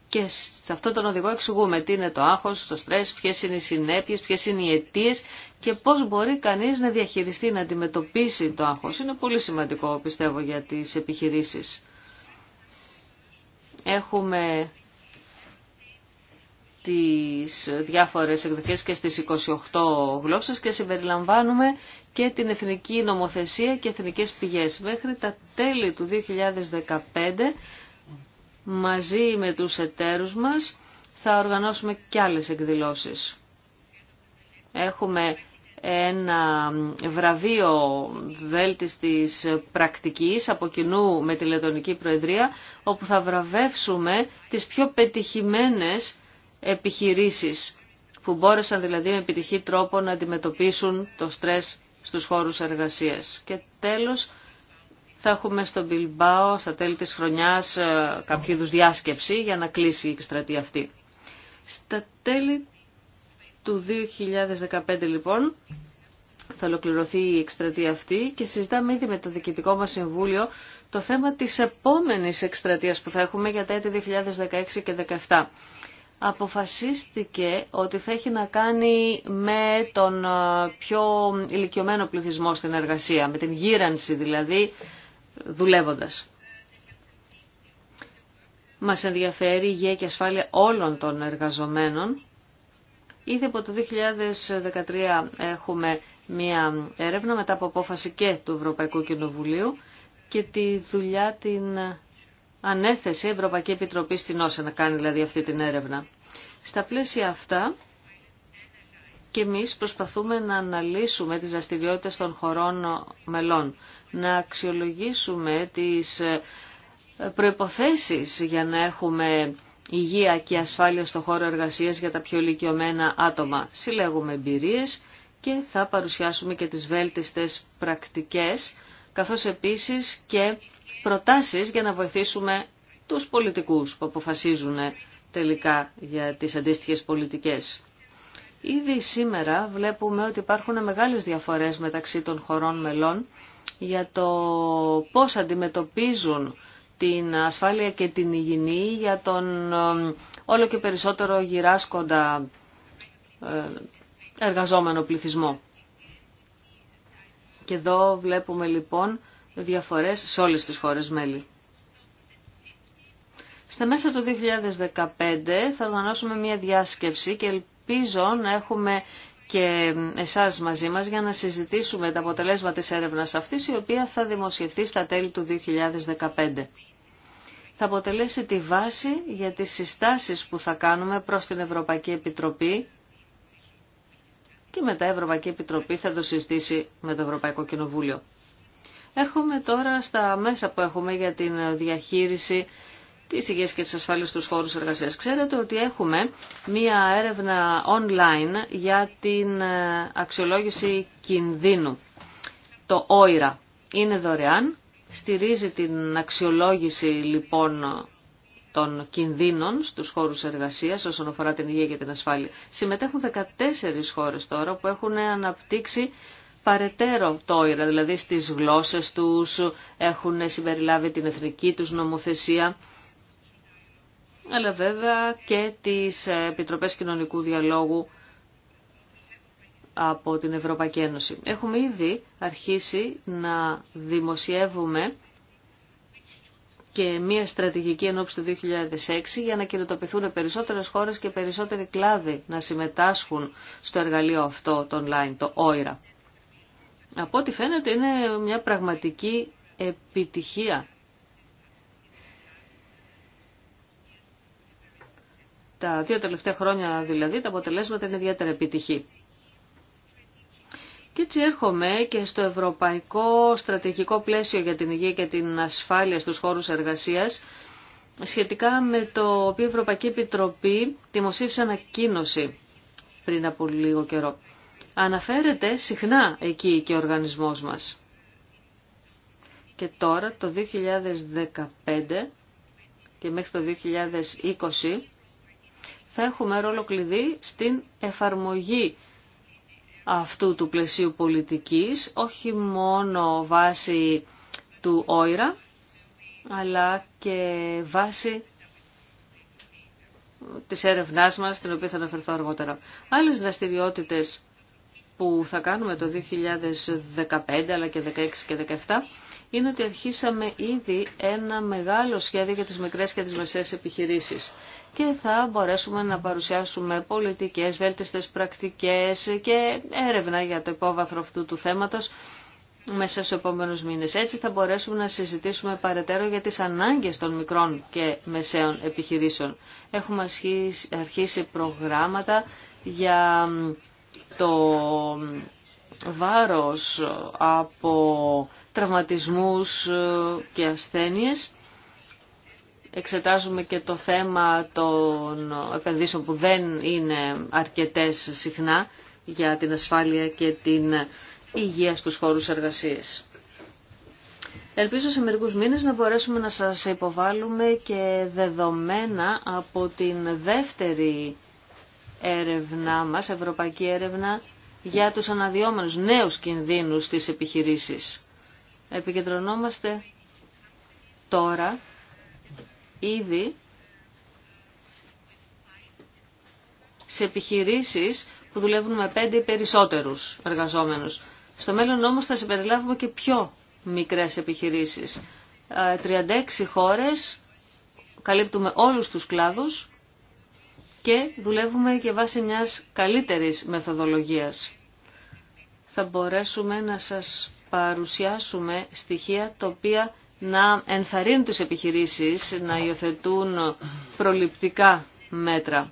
Και σε αυτόν τον οδηγό εξηγούμε τι είναι το άγχος, το στρες, ποιες είναι οι συνέπειες, ποιες είναι οι αιτίες και πώς μπορεί κανείς να διαχειριστεί, να αντιμετωπίσει το άγχος. Είναι πολύ σημαντικό πιστεύω για τις επιχειρήσεις. Έχουμε τις διάφορες εκδοχές και στις 28 γλώσσες και συμπεριλαμβάνουμε και την εθνική νομοθεσία και εθνικές πηγές. Μέχρι τα τέλη του 2015 μαζί με τους εταίρους μας θα οργανώσουμε και άλλες εκδηλώσεις. Έχουμε ένα βραβείο της πρακτικής από κοινού με τη Λετωνική Προεδρία, όπου θα βραβεύσουμε τις πιο πετυχημένες επιχειρήσεις, που μπόρεσαν δηλαδή με επιτυχή τρόπο να αντιμετωπίσουν το στρες στους χώρους εργασίας. Και τέλος, θα έχουμε στο Μπιλμπάο στα τέλη της χρονιάς ε, κάποιο είδου διάσκεψη για να κλείσει η εκστρατεία αυτή του 2015 λοιπόν θα ολοκληρωθεί η εκστρατεία αυτή και συζητάμε ήδη με το Διοικητικό μας Συμβούλιο το θέμα της επόμενης εκστρατείας που θα έχουμε για τα έτη 2016 και 2017. Αποφασίστηκε ότι θα έχει να κάνει με τον ε, πιο ηλικιωμένο πληθυσμό στην εργασία, με την γύρανση δηλαδή δουλεύοντας. Μας ενδιαφέρει η υγεία και ασφάλεια όλων των εργαζομένων Ήδη από το 2013 έχουμε μία έρευνα μετά από απόφαση και του Ευρωπαϊκού Κοινοβουλίου και τη δουλειά την ανέθεσε η Ευρωπαϊκή Επιτροπή στην Όσα να κάνει δηλαδή αυτή την έρευνα. Στα πλαίσια αυτά και εμείς προσπαθούμε να αναλύσουμε τις δραστηριότητε των χωρών μελών, να αξιολογήσουμε τις προϋποθέσεις για να έχουμε υγεία και ασφάλεια στο χώρο εργασίας για τα πιο ηλικιωμένα άτομα. Συλλέγουμε εμπειρίες και θα παρουσιάσουμε και τις βέλτιστες πρακτικές, καθώς επίσης και προτάσεις για να βοηθήσουμε τους πολιτικούς που αποφασίζουν τελικά για τις αντίστοιχες πολιτικές. Ήδη σήμερα βλέπουμε ότι υπάρχουν μεγάλες διαφορές μεταξύ των χωρών μελών για το πώς αντιμετωπίζουν την ασφάλεια και την υγιεινή, για τον όλο και περισσότερο γυράσκοντα ε, εργαζόμενο πληθυσμό. Και εδώ βλέπουμε λοιπόν διαφορές σε όλες τις χώρες μέλη. Στα μέσα του 2015 θα οργανώσουμε μια διάσκεψη και ελπίζω να έχουμε και εσάς μαζί μας για να συζητήσουμε τα αποτελέσματα της έρευνας αυτής η οποία θα δημοσιευθεί στα τέλη του 2015 θα αποτελέσει τη βάση για τις συστάσεις που θα κάνουμε προς την Ευρωπαϊκή Επιτροπή και μετά η Ευρωπαϊκή Επιτροπή θα το συστήσει με το Ευρωπαϊκό Κοινοβούλιο. Έρχομαι τώρα στα μέσα που έχουμε για την διαχείριση της υγείας και της ασφάλειας στους χώρους εργασίας. Ξέρετε ότι έχουμε μία έρευνα online για την ε, αξιολόγηση κινδύνου, το OIRA. Είναι δωρεάν Στηρίζει την αξιολόγηση λοιπόν των κινδύνων στους χώρους εργασίας όσον αφορά την υγεία και την ασφάλεια. Συμμετέχουν 14 χώρες τώρα που έχουν αναπτύξει παρετέρω τόιρα, δηλαδή στις γλώσσες τους έχουν συμπεριλάβει την εθνική τους νομοθεσία, αλλά βέβαια και τις Επιτροπές Κοινωνικού Διαλόγου από την Ευρωπαϊκή Ένωση. Έχουμε ήδη αρχίσει να δημοσιεύουμε και μία στρατηγική ενόψη του 2006 για να κοινοτοποιηθούν περισσότερες χώρες και περισσότεροι κλάδοι να συμμετάσχουν στο εργαλείο αυτό το online, το OIRA. Από ό,τι φαίνεται είναι μια πραγματική επιτυχία. Τα δύο τελευταία χρόνια δηλαδή τα αποτελέσματα είναι ιδιαίτερα επιτυχή. Και έτσι έρχομαι και στο Ευρωπαϊκό Στρατηγικό Πλαίσιο για την Υγεία και την Ασφάλεια στους χώρους εργασίας, σχετικά με το οποίο η Ευρωπαϊκή Επιτροπή δημοσίευσε ανακοίνωση πριν από λίγο καιρό. Αναφέρεται συχνά εκεί και ο οργανισμός μας. Και τώρα το 2015 και μέχρι το 2020 θα έχουμε ρόλο κλειδί στην εφαρμογή αυτού του πλαισίου πολιτικής, όχι μόνο βάσει του όιρα, αλλά και βάση της έρευνάς μας, την οποία θα αναφερθώ αργότερα. Άλλες δραστηριότητες που θα κάνουμε το 2015, αλλά και 2016 και 2017, είναι ότι αρχίσαμε ήδη ένα μεγάλο σχέδιο για τις μικρές και τις μεσαίες επιχειρήσεις και θα μπορέσουμε να παρουσιάσουμε πολιτικές, βέλτιστες πρακτικές και έρευνα για το υπόβαθρο αυτού του θέματος μέσα στους επόμενους μήνες. Έτσι θα μπορέσουμε να συζητήσουμε παρετέρω για τις ανάγκες των μικρών και μεσαίων επιχειρήσεων. Έχουμε αρχίσει προγράμματα για το βάρος από τραυματισμούς ε, και ασθένειες. Εξετάζουμε και το θέμα των επενδύσεων που δεν είναι αρκετές συχνά για την ασφάλεια και την υγεία στους χώρους εργασίας. Ελπίζω σε μερικούς μήνες να μπορέσουμε να σας υποβάλουμε και δεδομένα από την δεύτερη έρευνά μας, ευρωπαϊκή έρευνα, για τους αναδυόμενους νέους κινδύνους της επιχειρήσης. Επικεντρωνόμαστε τώρα ήδη σε επιχειρήσεις που δουλεύουν με πέντε ή περισσότερους εργαζόμενους. Στο μέλλον όμως θα συμπεριλάβουμε και πιο μικρές επιχειρήσεις. 36 ε, χώρες, καλύπτουμε όλους τους κλάδους και δουλεύουμε και βάσει μιας καλύτερης μεθοδολογίας. Θα μπορέσουμε να σας παρουσιάσουμε στοιχεία τα οποία να ενθαρρύνουν τις επιχειρήσεις να υιοθετούν προληπτικά μέτρα.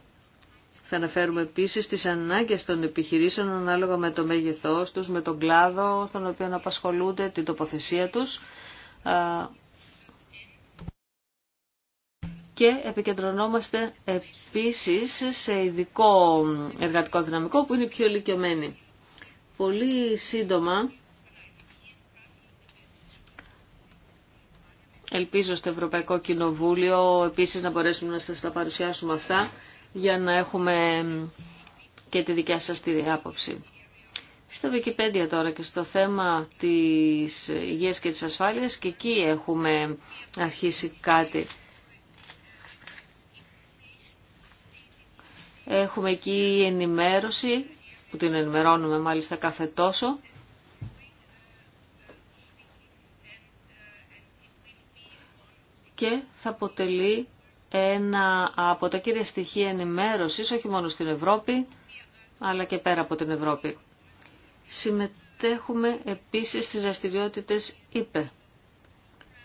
Θα αναφέρουμε επίσης τις ανάγκες των επιχειρήσεων ανάλογα με το μέγεθός τους, με τον κλάδο στον οποίο απασχολούνται, την τοποθεσία τους και επικεντρωνόμαστε επίσης σε ειδικό εργατικό δυναμικό που είναι πιο ηλικιωμένοι. Πολύ σύντομα Ελπίζω στο Ευρωπαϊκό Κοινοβούλιο επίσης να μπορέσουμε να σας τα παρουσιάσουμε αυτά για να έχουμε και τη δικιά σας τη άποψη. Στο Wikipedia τώρα και στο θέμα της υγείας και της ασφάλειας και εκεί έχουμε αρχίσει κάτι. Έχουμε εκεί ενημέρωση, που την ενημερώνουμε μάλιστα κάθε τόσο, και θα αποτελεί ένα από τα κύρια στοιχεία ενημέρωσης όχι μόνο στην Ευρώπη αλλά και πέρα από την Ευρώπη. Συμμετέχουμε επίσης στις δραστηριότητε ΕΠΕ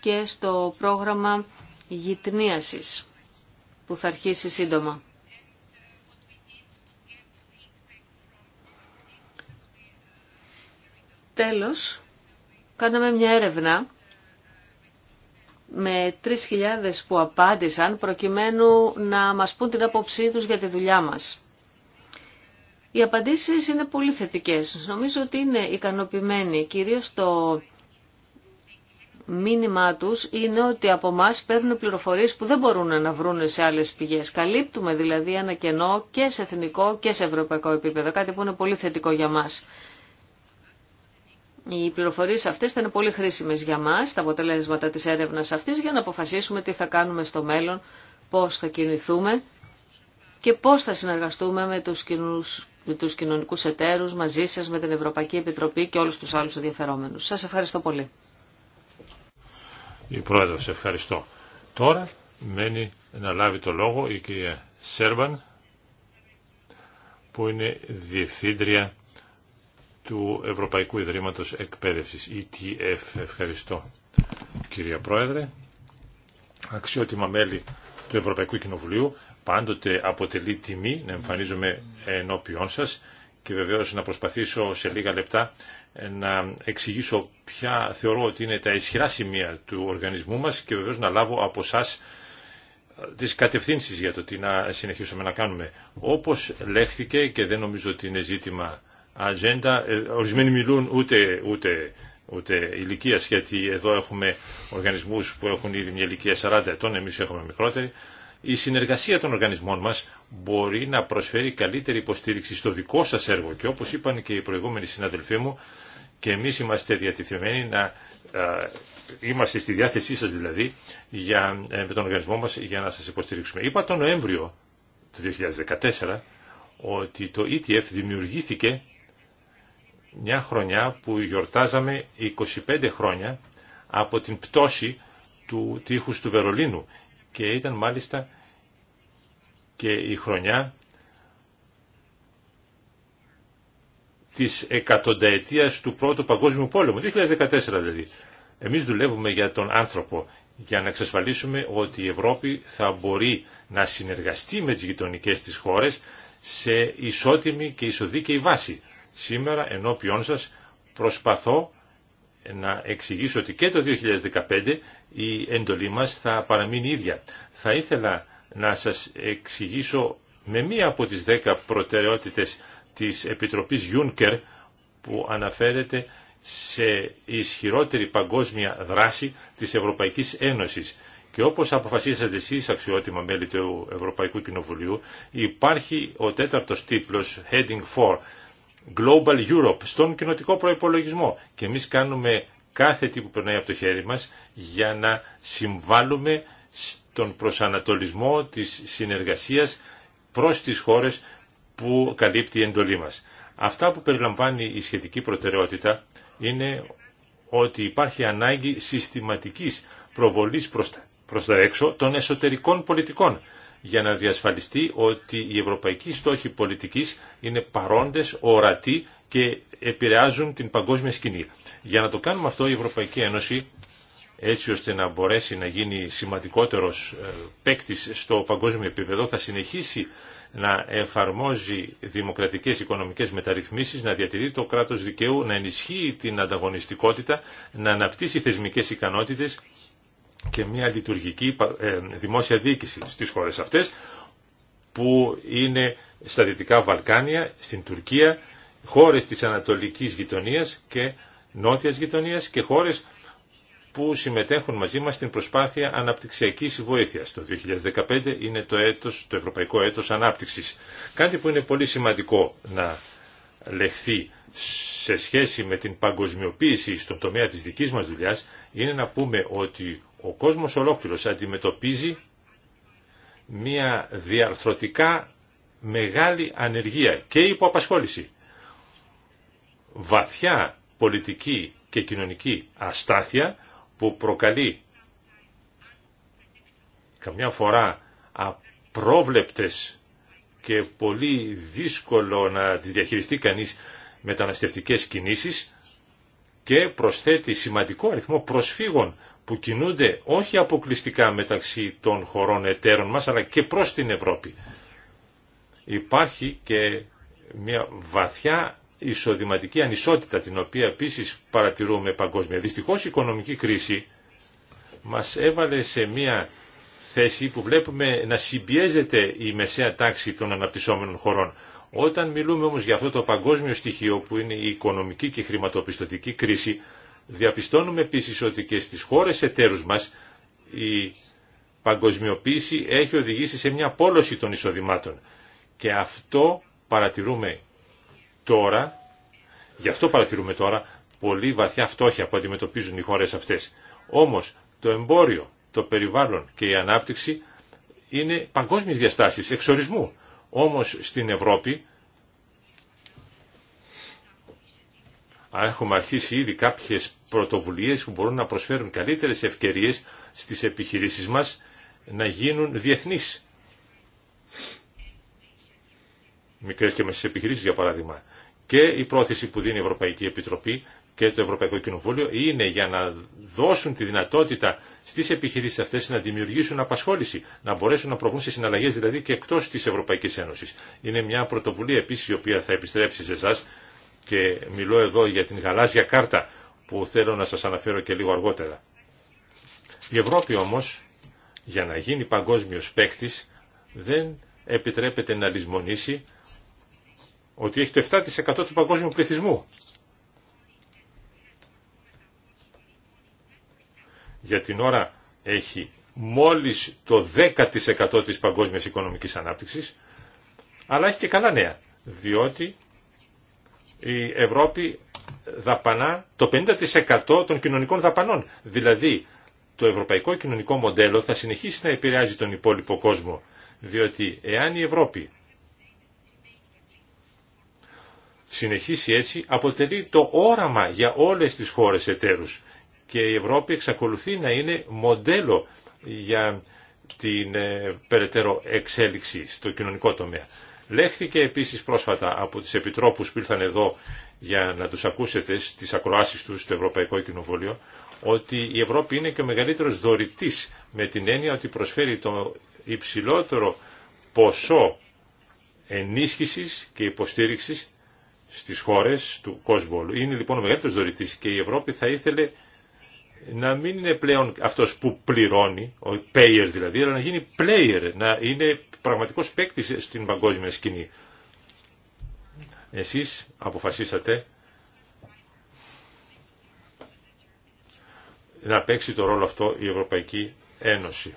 και στο πρόγραμμα γυτνίασης που θα αρχίσει σύντομα. Τέλος, κάναμε μια έρευνα με 3.000 που απάντησαν προκειμένου να μας πούν την άποψή τους για τη δουλειά μας. Οι απαντήσεις είναι πολύ θετικές. Νομίζω ότι είναι ικανοποιημένοι. Κυρίως το μήνυμά τους είναι ότι από εμά παίρνουν πληροφορίες που δεν μπορούν να βρουν σε άλλες πηγές. Καλύπτουμε δηλαδή ένα κενό και σε εθνικό και σε ευρωπαϊκό επίπεδο, κάτι που είναι πολύ θετικό για μας. Οι πληροφορίες αυτές θα είναι πολύ χρήσιμες για μας, τα αποτελέσματα της έρευνας αυτής, για να αποφασίσουμε τι θα κάνουμε στο μέλλον, πώς θα κινηθούμε και πώς θα συνεργαστούμε με τους, με τους κοινωνικούς εταίρους, μαζί σας, με την Ευρωπαϊκή Επιτροπή και όλους τους άλλους ενδιαφερόμενους. Σας ευχαριστώ πολύ. Η Πρόεδρος, ευχαριστώ. Τώρα μένει να λάβει το λόγο η κυρία Σέρμπαν, που είναι διευθύντρια του Ευρωπαϊκού Ιδρύματος Εκπαίδευσης, ETF. Ευχαριστώ, κυρία Πρόεδρε. Αξιότιμα μέλη του Ευρωπαϊκού Κοινοβουλίου, πάντοτε αποτελεί τιμή να εμφανίζομαι ενώπιόν σας και βεβαίως να προσπαθήσω σε λίγα λεπτά να εξηγήσω ποια θεωρώ ότι είναι τα ισχυρά σημεία του οργανισμού μας και βεβαίως να λάβω από εσά τις κατευθύνσεις για το τι να συνεχίσουμε να κάνουμε. Όπως λέχθηκε και δεν νομίζω ότι είναι ζήτημα ατζέντα. Ε, ορισμένοι μιλούν ούτε, ούτε, ούτε ηλικία, γιατί εδώ έχουμε οργανισμού που έχουν ήδη μια ηλικία 40 ετών, εμεί έχουμε μικρότερη. Η συνεργασία των οργανισμών μα μπορεί να προσφέρει καλύτερη υποστήριξη στο δικό σα έργο και όπω είπαν και οι προηγούμενοι συναδελφοί μου και εμεί είμαστε διατηθειμένοι να είμαστε στη διάθεσή σα δηλαδή για, ε, με τον οργανισμό μα για να σα υποστηρίξουμε. Είπα τον Νοέμβριο του 2014 ότι το ETF δημιουργήθηκε μια χρονιά που γιορτάζαμε 25 χρόνια από την πτώση του τείχους του Βερολίνου και ήταν μάλιστα και η χρονιά της εκατονταετίας του Πρώτου Παγκόσμιου Πόλεμου, 2014 δηλαδή. Εμείς δουλεύουμε για τον άνθρωπο, για να εξασφαλίσουμε ότι η Ευρώπη θα μπορεί να συνεργαστεί με τις γειτονικές της χώρες σε ισότιμη και ισοδίκαιη βάση. Σήμερα ενώπιόν σας προσπαθώ να εξηγήσω ότι και το 2015 η εντολή μας θα παραμείνει ίδια. Θα ήθελα να σας εξηγήσω με μία από τις δέκα προτεραιότητες της Επιτροπής Juncker που αναφέρεται σε ισχυρότερη παγκόσμια δράση της Ευρωπαϊκής Ένωσης. Και όπως αποφασίσατε εσείς αξιότιμα μέλη του Ευρωπαϊκού Κοινοβουλίου, υπάρχει ο τέταρτος τίτλος, Heading 4, Global Europe στον κοινοτικό προϋπολογισμό και εμείς κάνουμε κάθε τι που περνάει από το χέρι μας για να συμβάλλουμε στον προσανατολισμό της συνεργασίας προς τις χώρες που καλύπτει η εντολή μας. Αυτά που περιλαμβάνει η σχετική προτεραιότητα είναι ότι υπάρχει ανάγκη συστηματικής προβολής προς τα, προς τα έξω των εσωτερικών πολιτικών για να διασφαλιστεί ότι οι ευρωπαϊκοί στόχοι πολιτικής είναι παρόντες, ορατοί και επηρεάζουν την παγκόσμια σκηνή. Για να το κάνουμε αυτό η Ευρωπαϊκή Ένωση έτσι ώστε να μπορέσει να γίνει σημαντικότερος ε, παίκτη στο παγκόσμιο επίπεδο θα συνεχίσει να εφαρμόζει δημοκρατικές οικονομικές μεταρρυθμίσεις, να διατηρεί το κράτος δικαίου, να ενισχύει την ανταγωνιστικότητα, να αναπτύσσει θεσμικές ικανότητες και μια λειτουργική ε, δημόσια διοίκηση στις χώρες αυτές που είναι στα Δυτικά Βαλκάνια, στην Τουρκία, χώρες της Ανατολικής Γειτονίας και Νότιας Γειτονίας και χώρες που συμμετέχουν μαζί μας στην προσπάθεια αναπτυξιακής βοήθειας. Το 2015 είναι το, έτος, το Ευρωπαϊκό Έτος Ανάπτυξης. Κάτι που είναι πολύ σημαντικό να λεχθεί σε σχέση με την παγκοσμιοποίηση στον τομέα της δικής μας δουλειάς είναι να πούμε ότι ο κόσμος ολόκληρος αντιμετωπίζει μια διαρθρωτικά μεγάλη ανεργία και υποαπασχόληση. Βαθιά πολιτική και κοινωνική αστάθεια που προκαλεί καμιά φορά απρόβλεπτες και πολύ δύσκολο να τις διαχειριστεί κανείς μεταναστευτικές κινήσεις και προσθέτει σημαντικό αριθμό προσφύγων που κινούνται όχι αποκλειστικά μεταξύ των χωρών εταίρων μας αλλά και προς την Ευρώπη. Υπάρχει και μια βαθιά εισοδηματική ανισότητα την οποία επίσης παρατηρούμε παγκόσμια. Δυστυχώς η οικονομική κρίση μας έβαλε σε μια θέση που βλέπουμε να συμπιέζεται η μεσαία τάξη των αναπτυσσόμενων χωρών. Όταν μιλούμε όμως για αυτό το παγκόσμιο στοιχείο που είναι η οικονομική και χρηματοπιστωτική κρίση, Διαπιστώνουμε επίσης ότι και στις χώρες εταίρους μας η παγκοσμιοποίηση έχει οδηγήσει σε μια πόλωση των εισοδημάτων. Και αυτό παρατηρούμε τώρα, γι' αυτό παρατηρούμε τώρα, πολύ βαθιά φτώχεια που αντιμετωπίζουν οι χώρες αυτές. Όμως το εμπόριο, το περιβάλλον και η ανάπτυξη είναι παγκόσμιες διαστάσεις εξορισμού. Όμως στην Ευρώπη έχουμε αρχίσει ήδη κάποιες πρωτοβουλίες που μπορούν να προσφέρουν καλύτερες ευκαιρίες στις επιχειρήσεις μας να γίνουν διεθνείς. Μικρές και μεσές επιχειρήσεις για παράδειγμα. Και η πρόθεση που δίνει η Ευρωπαϊκή Επιτροπή και το Ευρωπαϊκό Κοινοβούλιο είναι για να δώσουν τη δυνατότητα στις επιχειρήσεις αυτές να δημιουργήσουν απασχόληση, να μπορέσουν να προβούν σε συναλλαγές δηλαδή και εκτός της Ευρωπαϊκής Ένωσης. Είναι μια πρωτοβουλία επίσης η οποία θα επιστρέψει σε εσά και μιλώ εδώ για την γαλάζια κάρτα που θέλω να σας αναφέρω και λίγο αργότερα. Η Ευρώπη όμως για να γίνει παγκόσμιος παίκτη δεν επιτρέπεται να λησμονήσει ότι έχει το 7% του παγκόσμιου πληθυσμού. Για την ώρα έχει μόλις το 10% της παγκόσμιας οικονομικής ανάπτυξης, αλλά έχει και καλά νέα, διότι η Ευρώπη δαπανά το 50% των κοινωνικών δαπανών. Δηλαδή το ευρωπαϊκό κοινωνικό μοντέλο θα συνεχίσει να επηρεάζει τον υπόλοιπο κόσμο. Διότι εάν η Ευρώπη συνεχίσει έτσι αποτελεί το όραμα για όλες τις χώρες εταίρους και η Ευρώπη εξακολουθεί να είναι μοντέλο για την ε, περαιτέρω εξέλιξη στο κοινωνικό τομέα. Λέχθηκε επίσης πρόσφατα από τις επιτρόπους που ήλθαν εδώ για να τους ακούσετε στις ακροάσεις τους στο Ευρωπαϊκό Κοινοβούλιο ότι η Ευρώπη είναι και ο μεγαλύτερος δωρητής με την έννοια ότι προσφέρει το υψηλότερο ποσό ενίσχυσης και υποστήριξης στις χώρες του κόσμου. Είναι λοιπόν ο μεγαλύτερος δωρητής και η Ευρώπη θα ήθελε να μην είναι πλέον αυτός που πληρώνει, ο payer δηλαδή, αλλά να γίνει player, να είναι πραγματικός παίκτη στην παγκόσμια σκηνή. Εσείς αποφασίσατε να παίξει το ρόλο αυτό η Ευρωπαϊκή Ένωση.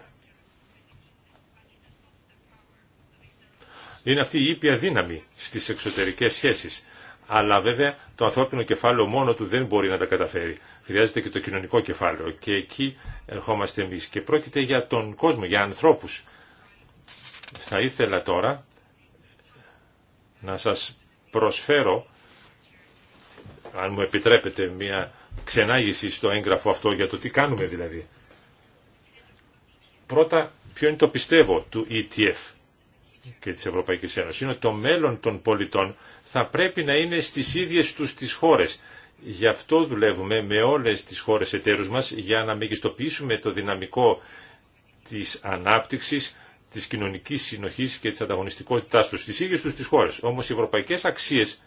Είναι αυτή η ήπια δύναμη στις εξωτερικές σχέσεις αλλά βέβαια το ανθρώπινο κεφάλαιο μόνο του δεν μπορεί να τα καταφέρει. Χρειάζεται και το κοινωνικό κεφάλαιο και εκεί ερχόμαστε εμείς και πρόκειται για τον κόσμο, για ανθρώπους. Θα ήθελα τώρα να σας προσφέρω, αν μου επιτρέπετε, μια ξενάγηση στο έγγραφο αυτό για το τι κάνουμε δηλαδή. Πρώτα, ποιο είναι το πιστεύω του ETF και της Ευρωπαϊκής Ένωσης. Είναι το μέλλον των πολιτών θα πρέπει να είναι στις ίδιες τους τις χώρες. Γι' αυτό δουλεύουμε με όλες τις χώρες εταίρους μας για να μεγιστοποιήσουμε το δυναμικό της ανάπτυξης, της κοινωνικής συνοχής και της ανταγωνιστικότητάς τους στις ίδιες τους τις χώρες. Όμως οι ευρωπαϊκές αξίες,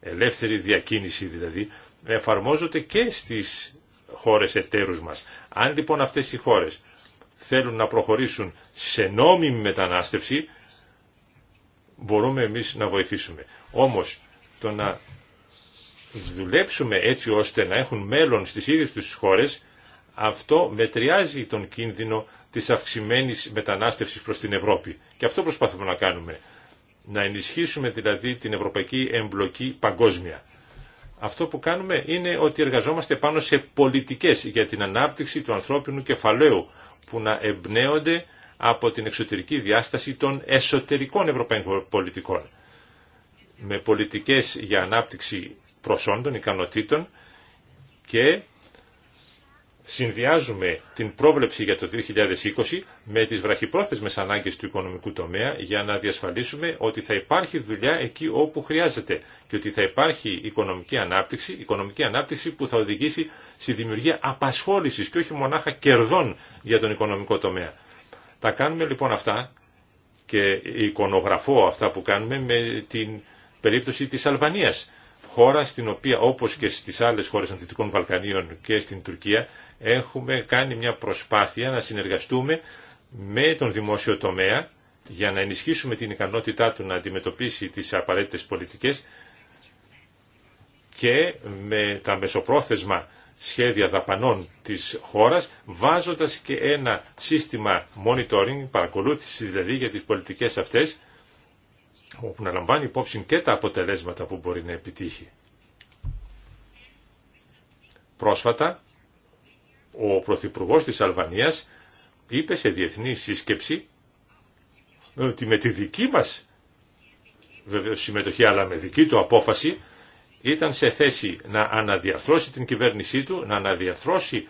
ελεύθερη διακίνηση δηλαδή, εφαρμόζονται και στις χώρες εταίρους μας. Αν λοιπόν αυτές οι χώρες θέλουν να προχωρήσουν σε νόμιμη μετανάστευση, μπορούμε εμείς να βοηθήσουμε. Όμως το να δουλέψουμε έτσι ώστε να έχουν μέλλον στις ίδιες τους χώρες, αυτό μετριάζει τον κίνδυνο της αυξημένης μετανάστευσης προς την Ευρώπη. Και αυτό προσπαθούμε να κάνουμε. Να ενισχύσουμε δηλαδή την ευρωπαϊκή εμπλοκή παγκόσμια. Αυτό που κάνουμε είναι ότι εργαζόμαστε πάνω σε πολιτικές για την ανάπτυξη του ανθρώπινου κεφαλαίου που να εμπνέονται από την εξωτερική διάσταση των εσωτερικών ευρωπαϊκών πολιτικών με πολιτικές για ανάπτυξη προσόντων, ικανοτήτων και συνδυάζουμε την πρόβλεψη για το 2020 με τις βραχυπρόθεσμες ανάγκες του οικονομικού τομέα για να διασφαλίσουμε ότι θα υπάρχει δουλειά εκεί όπου χρειάζεται και ότι θα υπάρχει οικονομική ανάπτυξη, οικονομική ανάπτυξη που θα οδηγήσει στη δημιουργία απασχόλησης και όχι μονάχα κερδών για τον οικονομικό τομέα. Τα κάνουμε λοιπόν αυτά και εικονογραφώ αυτά που κάνουμε με την περίπτωση της Αλβανίας, χώρα στην οποία όπως και στις άλλες χώρες των Δυτικών Βαλκανίων και στην Τουρκία έχουμε κάνει μια προσπάθεια να συνεργαστούμε με τον δημόσιο τομέα για να ενισχύσουμε την ικανότητά του να αντιμετωπίσει τις απαραίτητες πολιτικές και με τα μεσοπρόθεσμα σχέδια δαπανών της χώρας, βάζοντας και ένα σύστημα monitoring, παρακολούθηση δηλαδή για τις πολιτικές αυτές, όπου να λαμβάνει υπόψη και τα αποτελέσματα που μπορεί να επιτύχει. Πρόσφατα, ο Πρωθυπουργός της Αλβανίας είπε σε διεθνή σύσκεψη ότι με τη δική μας συμμετοχή αλλά με δική του απόφαση ήταν σε θέση να αναδιαρθρώσει την κυβέρνησή του, να αναδιαρθρώσει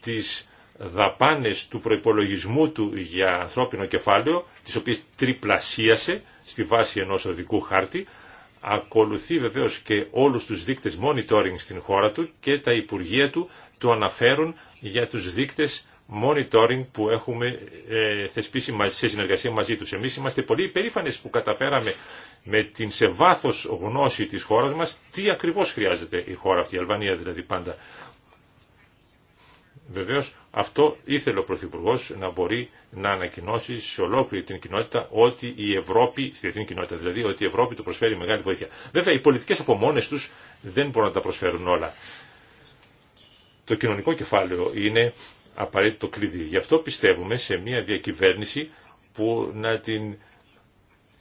τις δαπάνες του προϋπολογισμού του για ανθρώπινο κεφάλαιο, τις οποίες τριπλασίασε στη βάση ενός οδικού χάρτη, ακολουθεί βεβαίως και όλους τους δείκτες monitoring στην χώρα του και τα Υπουργεία του το αναφέρουν για τους δείκτες monitoring που έχουμε ε, θεσπίσει σε συνεργασία μαζί τους. Εμείς είμαστε πολύ υπερήφανες που καταφέραμε με την σε βάθος γνώση της χώρας μας τι ακριβώς χρειάζεται η χώρα αυτή, η Αλβανία δηλαδή πάντα. Βεβαίως αυτό ήθελε ο Πρωθυπουργό να μπορεί να ανακοινώσει σε ολόκληρη την κοινότητα ότι η Ευρώπη, στη διεθνή κοινότητα δηλαδή, ότι η Ευρώπη του προσφέρει μεγάλη βοήθεια. Βέβαια οι πολιτικές από μόνες τους δεν μπορούν να τα προσφέρουν όλα. Το κοινωνικό κεφάλαιο είναι απαραίτητο κλειδί. Γι' αυτό πιστεύουμε σε μια διακυβέρνηση που να την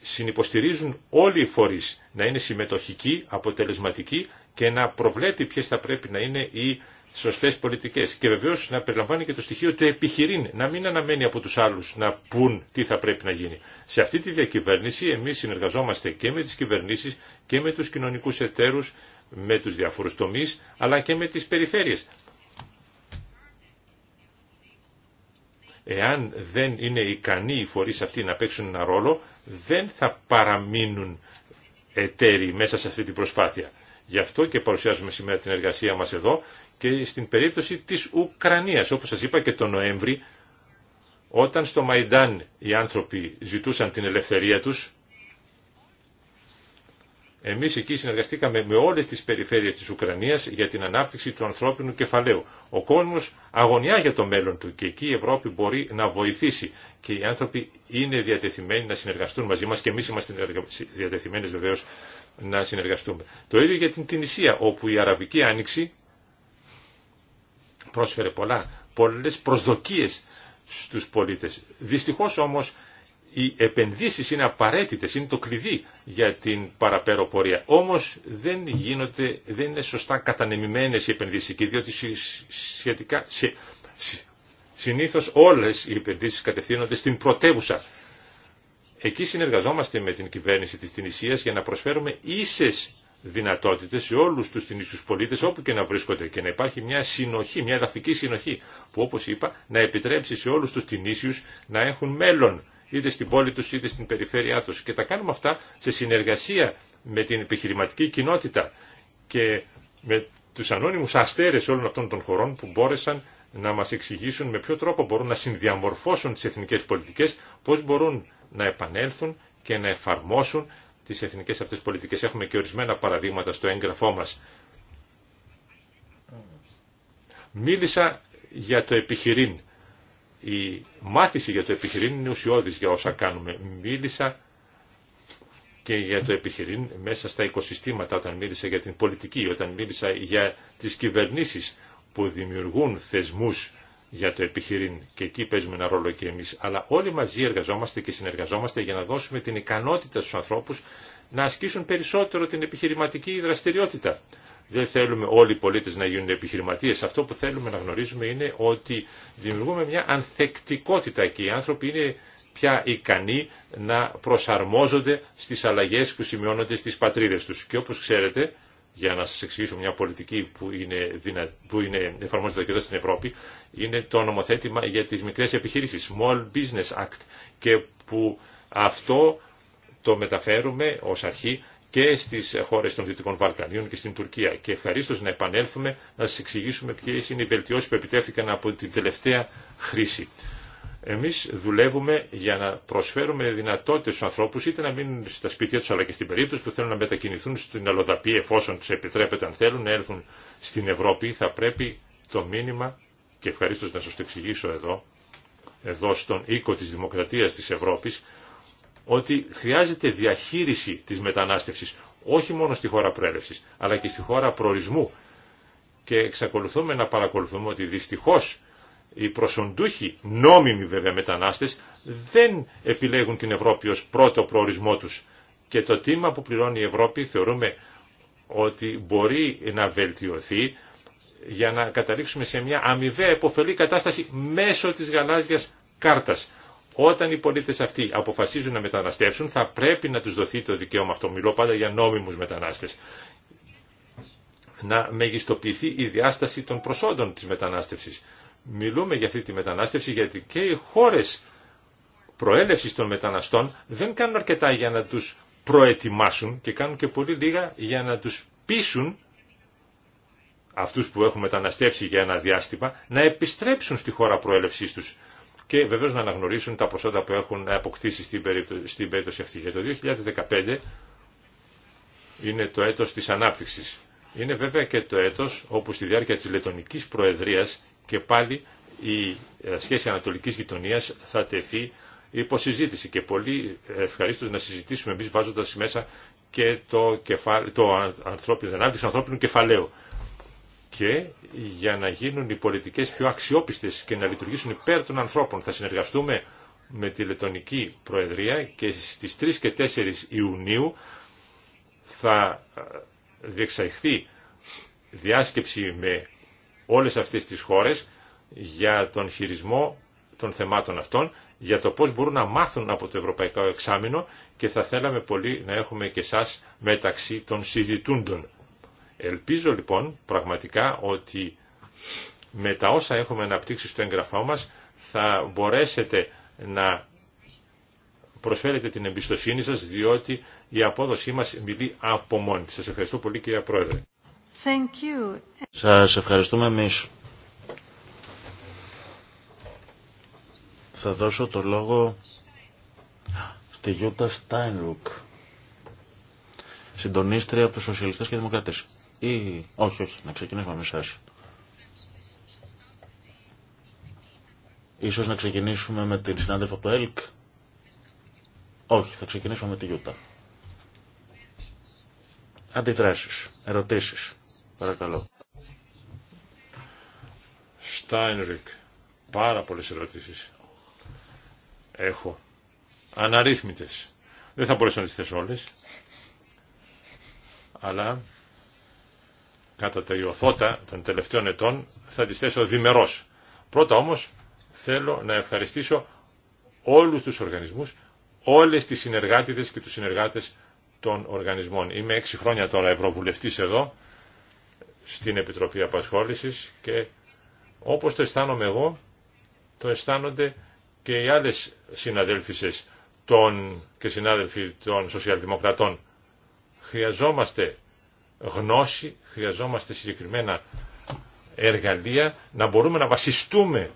συνυποστηρίζουν όλοι οι φορείς να είναι συμμετοχικοί, αποτελεσματικοί και να προβλέπει ποιες θα πρέπει να είναι οι σωστές πολιτικές. Και βεβαίως να περιλαμβάνει και το στοιχείο του επιχειρήν, να μην αναμένει από τους άλλους να πούν τι θα πρέπει να γίνει. Σε αυτή τη διακυβέρνηση εμείς συνεργαζόμαστε και με τις κυβερνήσεις και με τους κοινωνικούς εταίρους, με τους διάφορους τομείς, αλλά και με τις περιφέρειες. Εάν δεν είναι ικανοί οι φορείς αυτοί να παίξουν ένα ρόλο, δεν θα παραμείνουν εταίροι μέσα σε αυτή την προσπάθεια. Γι' αυτό και παρουσιάζουμε σήμερα την εργασία μας εδώ και στην περίπτωση της Ουκρανίας, όπως σας είπα και τον Νοέμβρη, όταν στο Μαϊντάν οι άνθρωποι ζητούσαν την ελευθερία τους, εμείς εκεί συνεργαστήκαμε με όλες τις περιφέρειες της Ουκρανίας για την ανάπτυξη του ανθρώπινου κεφαλαίου. Ο κόσμος αγωνιά για το μέλλον του και εκεί η Ευρώπη μπορεί να βοηθήσει και οι άνθρωποι είναι διατεθειμένοι να συνεργαστούν μαζί μας και εμείς είμαστε διατεθειμένοι βεβαίως να συνεργαστούμε. Το ίδιο για την Τινησία όπου η Αραβική Άνοιξη πρόσφερε πολλά, πολλές προσδοκίες στους πολίτες. Δυστυχώς όμως οι επενδύσεις είναι απαραίτητες, είναι το κλειδί για την παραπέρω πορεία. Όμως δεν, γίνονται, δεν είναι σωστά κατανεμημένες οι επενδύσεις εκεί, διότι σχετικά, συνήθως όλες οι επενδύσεις κατευθύνονται στην πρωτεύουσα. Εκεί συνεργαζόμαστε με την κυβέρνηση της Τινησίας για να προσφέρουμε ίσες δυνατότητες σε όλους τους Τινήσιους πολίτες όπου και να βρίσκονται και να υπάρχει μια συνοχή, μια εδαφική συνοχή που όπως είπα να επιτρέψει σε όλους τους Τινήσιους να έχουν μέλλον είτε στην πόλη τους είτε στην περιφέρειά τους. Και τα κάνουμε αυτά σε συνεργασία με την επιχειρηματική κοινότητα και με τους ανώνυμους αστέρες όλων αυτών των χωρών που μπόρεσαν να μας εξηγήσουν με ποιο τρόπο μπορούν να συνδιαμορφώσουν τις εθνικές πολιτικές, πώς μπορούν να επανέλθουν και να εφαρμόσουν τις εθνικές αυτές πολιτικές. Έχουμε και ορισμένα παραδείγματα στο έγγραφό μας. Μίλησα για το επιχειρήν η μάθηση για το επιχειρήν είναι ουσιώδης για όσα κάνουμε. Μίλησα και για το επιχειρήν μέσα στα οικοσυστήματα όταν μίλησα για την πολιτική, όταν μίλησα για τις κυβερνήσεις που δημιουργούν θεσμούς για το επιχειρήν και εκεί παίζουμε ένα ρόλο και εμείς. Αλλά όλοι μαζί εργαζόμαστε και συνεργαζόμαστε για να δώσουμε την ικανότητα στους ανθρώπους να ασκήσουν περισσότερο την επιχειρηματική δραστηριότητα. Δεν θέλουμε όλοι οι πολίτες να γίνουν επιχειρηματίες. Αυτό που θέλουμε να γνωρίζουμε είναι ότι δημιουργούμε μια ανθεκτικότητα και οι άνθρωποι είναι πια ικανοί να προσαρμόζονται στις αλλαγές που σημειώνονται στις πατρίδες τους. Και όπως ξέρετε, για να σας εξηγήσω μια πολιτική που είναι, που είναι εφαρμόζεται και εδώ στην Ευρώπη, είναι το νομοθέτημα για τις μικρές επιχειρήσεις, Small Business Act, και που αυτό το μεταφέρουμε ως αρχή και στις χώρες των Δυτικών Βαλκανίων και στην Τουρκία και ευχαριστώ να επανέλθουμε να σας εξηγήσουμε ποιε είναι οι βελτιώσεις που επιτεύχθηκαν από την τελευταία χρήση. Εμείς δουλεύουμε για να προσφέρουμε δυνατότητες στους ανθρώπους είτε να μείνουν στα σπίτια τους αλλά και στην περίπτωση που θέλουν να μετακινηθούν στην Αλοδαπή εφόσον τους επιτρέπεται αν θέλουν να έλθουν στην Ευρώπη θα πρέπει το μήνυμα και ευχαρίστως να σας το εξηγήσω εδώ εδώ στον οίκο της Δημοκρατίας της Ευρώπης ότι χρειάζεται διαχείριση της μετανάστευσης όχι μόνο στη χώρα προέλευσης αλλά και στη χώρα προορισμού και εξακολουθούμε να παρακολουθούμε ότι δυστυχώς οι προσοντούχοι νόμιμοι βέβαια μετανάστες δεν επιλέγουν την Ευρώπη ως πρώτο προορισμό τους και το τίμα που πληρώνει η Ευρώπη θεωρούμε ότι μπορεί να βελτιωθεί για να καταλήξουμε σε μια αμοιβαία υποφελή κατάσταση μέσω της γαλάζιας κάρτας. Όταν οι πολίτες αυτοί αποφασίζουν να μεταναστεύσουν θα πρέπει να τους δοθεί το δικαίωμα αυτό. Μιλώ πάντα για νόμιμους μετανάστες. Να μεγιστοποιηθεί η διάσταση των προσόντων της μετανάστευσης. Μιλούμε για αυτή τη μετανάστευση γιατί και οι χώρες προέλευσης των μεταναστών δεν κάνουν αρκετά για να τους προετοιμάσουν και κάνουν και πολύ λίγα για να τους πείσουν αυτούς που έχουν μεταναστεύσει για ένα διάστημα να επιστρέψουν στη χώρα προέλευσής τους και βεβαίω να αναγνωρίσουν τα προσόντα που έχουν αποκτήσει στην περίπτωση, στην αυτή. Για το 2015 είναι το έτος της ανάπτυξης. Είναι βέβαια και το έτος όπου στη διάρκεια της Λετωνικής Προεδρίας και πάλι η ε, σχέση ανατολικής γειτονίας θα τεθεί υπό συζήτηση. και πολύ ευχαρίστως να συζητήσουμε εμείς βάζοντας μέσα και το, κεφα... ανάπτυξη ανθρώπινου κεφαλαίου και για να γίνουν οι πολιτικές πιο αξιόπιστες και να λειτουργήσουν υπέρ των ανθρώπων. Θα συνεργαστούμε με τη Λετωνική Προεδρία και στις 3 και 4 Ιουνίου θα ε, διεξαχθεί διάσκεψη με όλες αυτές τις χώρες για τον χειρισμό των θεμάτων αυτών, για το πώς μπορούν να μάθουν από το Ευρωπαϊκό Εξάμεινο και θα θέλαμε πολύ να έχουμε και εσά μεταξύ των συζητούντων. Ελπίζω λοιπόν πραγματικά ότι με τα όσα έχουμε αναπτύξει στο έγγραφό μας θα μπορέσετε να προσφέρετε την εμπιστοσύνη σας διότι η απόδοσή μας μιλεί από μόνη. Σας ευχαριστώ πολύ κυρία Πρόεδρε. Σας ευχαριστούμε εμείς. Θα δώσω το λόγο στη Γιούτα Στάινρουκ, συντονίστρια από τους Σοσιαλιστές και Δημοκράτες. Ή... Όχι, όχι, να ξεκινήσουμε με εσάς. Ίσως να ξεκινήσουμε με την συνάδελφα του ΕΛΚ. Όχι, θα ξεκινήσουμε με τη Γιούτα. Αντιδράσεις, ερωτήσεις. Παρακαλώ. Στάινρικ, πάρα πολλές ερωτήσεις. Έχω. Αναρρύθμιτες. Δεν θα μπορέσω να τις θες όλες. Αλλά κατά τα Ιωθώτα των τελευταίων ετών θα τις θέσω διμερώς. Πρώτα όμως θέλω να ευχαριστήσω όλους τους οργανισμούς, όλες τις συνεργάτηδες και τους συνεργάτες των οργανισμών. Είμαι έξι χρόνια τώρα ευρωβουλευτής εδώ, στην Επιτροπή Απασχόλησης και όπως το αισθάνομαι εγώ, το αισθάνονται και οι άλλες συναδέλφισες των και συνάδελφοι των σοσιαλδημοκρατών. Χρειαζόμαστε γνώση, χρειαζόμαστε συγκεκριμένα εργαλεία, να μπορούμε να βασιστούμε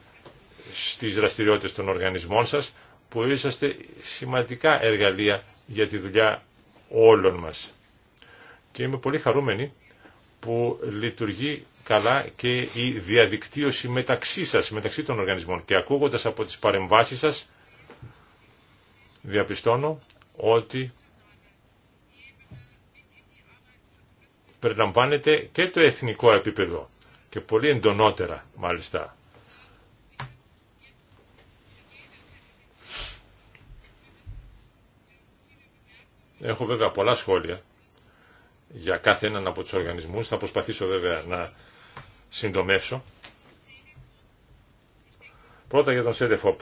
στις δραστηριότητες των οργανισμών σας, που είσαστε σημαντικά εργαλεία για τη δουλειά όλων μας. Και είμαι πολύ χαρούμενη που λειτουργεί καλά και η διαδικτύωση μεταξύ σας, μεταξύ των οργανισμών. Και ακούγοντας από τις παρεμβάσεις σας, διαπιστώνω ότι περιλαμβάνεται και το εθνικό επίπεδο και πολύ εντονότερα μάλιστα. Έχω βέβαια πολλά σχόλια για κάθε έναν από τους οργανισμούς. Θα προσπαθήσω βέβαια να συντομεύσω. Πρώτα για τον ΣΕΔΕΦΟΠ.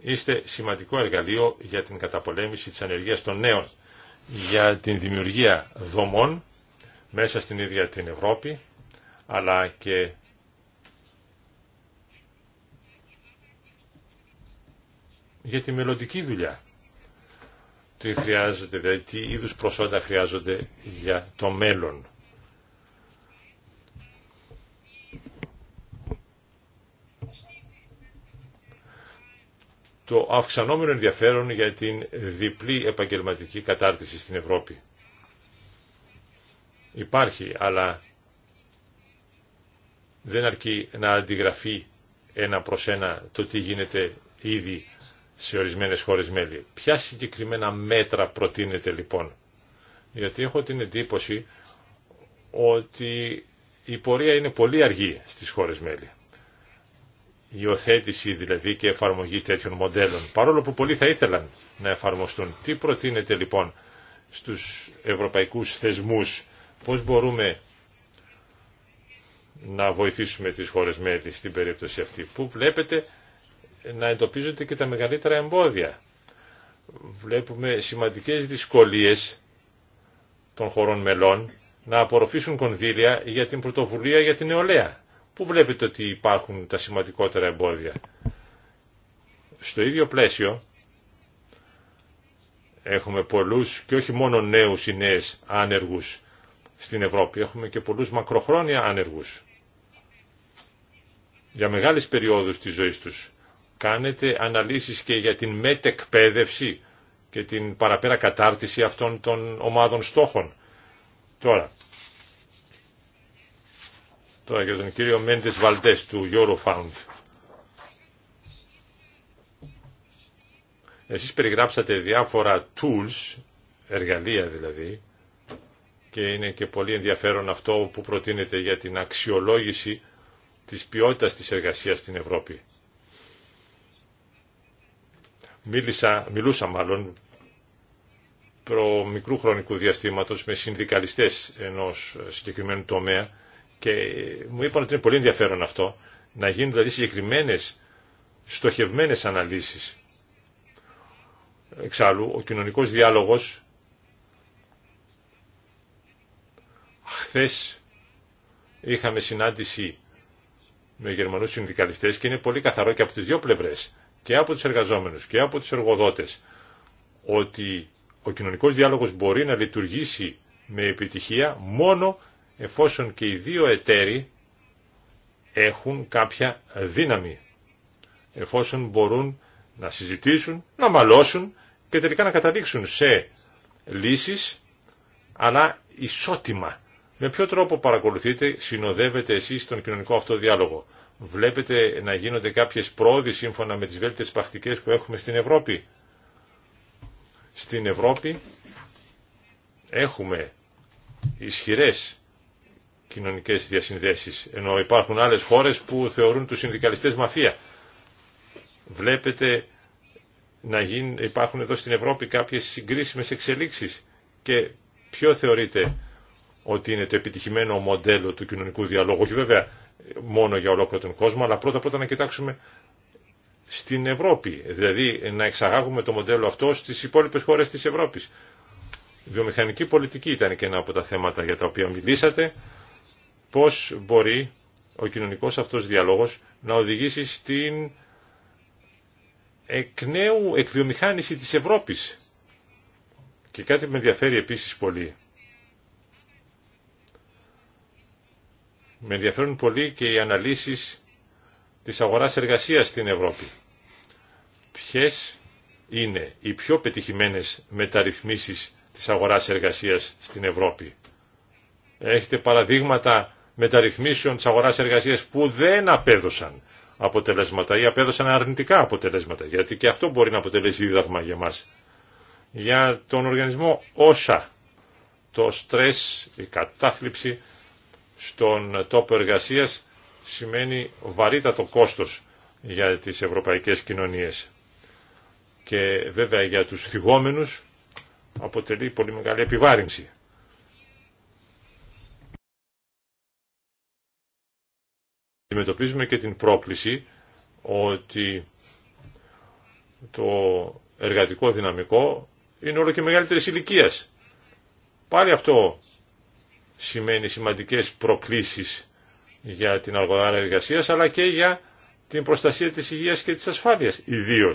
Είστε σημαντικό εργαλείο για την καταπολέμηση της ανεργίας των νέων για την δημιουργία δομών μέσα στην ίδια την Ευρώπη, αλλά και για τη μελλοντική δουλειά. Τι χρειάζεται, δηλαδή τι είδους προσόντα χρειάζονται για το μέλλον. το αυξανόμενο ενδιαφέρον για την διπλή επαγγελματική κατάρτιση στην Ευρώπη. Υπάρχει, αλλά δεν αρκεί να αντιγραφεί ένα προς ένα το τι γίνεται ήδη σε ορισμένες χώρες μέλη. Ποια συγκεκριμένα μέτρα προτείνεται λοιπόν. Γιατί έχω την εντύπωση ότι η πορεία είναι πολύ αργή στις χώρες μέλη υιοθέτηση δηλαδή και εφαρμογή τέτοιων μοντέλων, παρόλο που πολλοί θα ήθελαν να εφαρμοστούν. Τι προτείνεται λοιπόν στους ευρωπαϊκούς θεσμούς, πώς μπορούμε να βοηθήσουμε τις χώρες μέλη στην περίπτωση αυτή, που βλέπετε να εντοπίζονται και τα μεγαλύτερα εμπόδια. Βλέπουμε σημαντικές δυσκολίες των χωρών μελών να απορροφήσουν κονδύλια για την πρωτοβουλία για την νεολαία. Πού βλέπετε ότι υπάρχουν τα σημαντικότερα εμπόδια. Στο ίδιο πλαίσιο έχουμε πολλούς και όχι μόνο νέους ή νέες άνεργους στην Ευρώπη. Έχουμε και πολλούς μακροχρόνια άνεργους για μεγάλες περιόδους της ζωής τους. Κάνετε αναλύσεις και για την μετεκπαίδευση και την παραπέρα κατάρτιση αυτών των ομάδων στόχων. Τώρα, Τώρα για τον κύριο Μέντες Βαλτές του Eurofound. Εσείς περιγράψατε διάφορα tools, εργαλεία δηλαδή, και είναι και πολύ ενδιαφέρον αυτό που προτείνεται για την αξιολόγηση της ποιότητας της εργασίας στην Ευρώπη. Μίλησα, μιλούσα μάλλον προ μικρού χρονικού διαστήματος με συνδικαλιστές ενός συγκεκριμένου τομέα και μου είπαν ότι είναι πολύ ενδιαφέρον αυτό, να γίνουν δηλαδή συγκεκριμένες, στοχευμένες αναλύσεις. Εξάλλου, ο κοινωνικός διάλογος χθες είχαμε συνάντηση με Γερμανούς συνδικαλιστές και είναι πολύ καθαρό και από τις δύο πλευρές, και από τους εργαζόμενους και από τους εργοδότες, ότι ο κοινωνικός διάλογος μπορεί να λειτουργήσει με επιτυχία μόνο εφόσον και οι δύο εταίροι έχουν κάποια δύναμη, εφόσον μπορούν να συζητήσουν, να μαλώσουν και τελικά να καταλήξουν σε λύσεις, αλλά ισότιμα. Με ποιο τρόπο παρακολουθείτε, συνοδεύετε εσείς τον κοινωνικό αυτό διάλογο. Βλέπετε να γίνονται κάποιες πρόοδοι σύμφωνα με τις βέλτιες πρακτικές που έχουμε στην Ευρώπη. Στην Ευρώπη έχουμε ισχυρές κοινωνικές διασυνδέσεις, ενώ υπάρχουν άλλες χώρες που θεωρούν τους συνδικαλιστές μαφία. Βλέπετε να γίνουν, υπάρχουν εδώ στην Ευρώπη κάποιες συγκρίσιμε εξελίξεις και ποιο θεωρείτε ότι είναι το επιτυχημένο μοντέλο του κοινωνικού διαλόγου, όχι βέβαια μόνο για ολόκληρο τον κόσμο, αλλά πρώτα πρώτα να κοιτάξουμε στην Ευρώπη, δηλαδή να εξαγάγουμε το μοντέλο αυτό στις υπόλοιπες χώρες της Ευρώπης. Βιομηχανική πολιτική ήταν και ένα από τα θέματα για τα οποία μιλήσατε πώς μπορεί ο κοινωνικός αυτός διαλόγος να οδηγήσει στην εκ νέου εκβιομηχάνηση της Ευρώπης. Και κάτι με ενδιαφέρει επίσης πολύ. Με ενδιαφέρουν πολύ και οι αναλύσεις της αγοράς εργασίας στην Ευρώπη. Ποιες είναι οι πιο πετυχημένες μεταρρυθμίσεις της αγοράς εργασίας στην Ευρώπη. Έχετε παραδείγματα μεταρρυθμίσεων της αγοράς εργασίας που δεν απέδωσαν αποτελέσματα ή απέδωσαν αρνητικά αποτελέσματα, γιατί και αυτό μπορεί να αποτελέσει δίδαγμα για μας. Για τον οργανισμό όσα το στρες, η κατάθλιψη στον τόπο εργασίας σημαίνει βαρύτατο κόστος για τις ευρωπαϊκές κοινωνίες. Και βέβαια για τους θυγόμενου αποτελεί πολύ μεγάλη επιβάρυνση. αντιμετωπίζουμε και την πρόκληση ότι το εργατικό δυναμικό είναι όλο και μεγαλύτερη ηλικία. Πάλι αυτό σημαίνει σημαντικές προκλήσεις για την αργοδάρα εργασία, αλλά και για την προστασία της υγείας και της ασφάλειας ιδίω.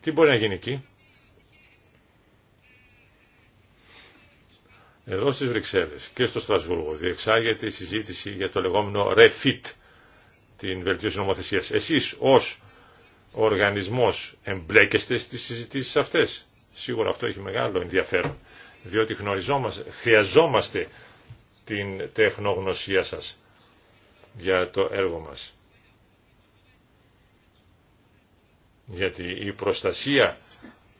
Τι μπορεί να γίνει εκεί. Εδώ στις Βρυξέλλες και στο Στρασβούργο διεξάγεται η συζήτηση για το λεγόμενο REFIT, την βελτίωση νομοθεσίας. Εσείς ως οργανισμός εμπλέκεστε στις συζητήσεις αυτές. Σίγουρα αυτό έχει μεγάλο ενδιαφέρον, διότι χρειαζόμαστε την τεχνογνωσία σας για το έργο μας. Γιατί η προστασία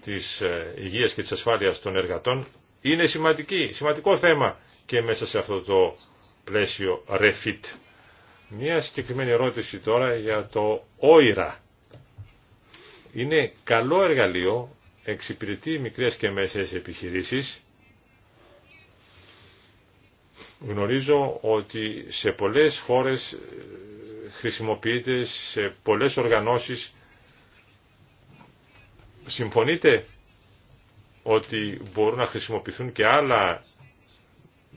της ε, υγείας και της ασφάλειας των εργατών είναι σημαντική, σημαντικό θέμα και μέσα σε αυτό το πλαίσιο refit. Μια συγκεκριμένη ερώτηση τώρα για το όιρα. Είναι καλό εργαλείο, εξυπηρετεί μικρές και μέσες επιχειρήσεις. Γνωρίζω ότι σε πολλές χώρες ε, χρησιμοποιείται, σε πολλές οργανώσεις συμφωνείτε ότι μπορούν να χρησιμοποιηθούν και άλλα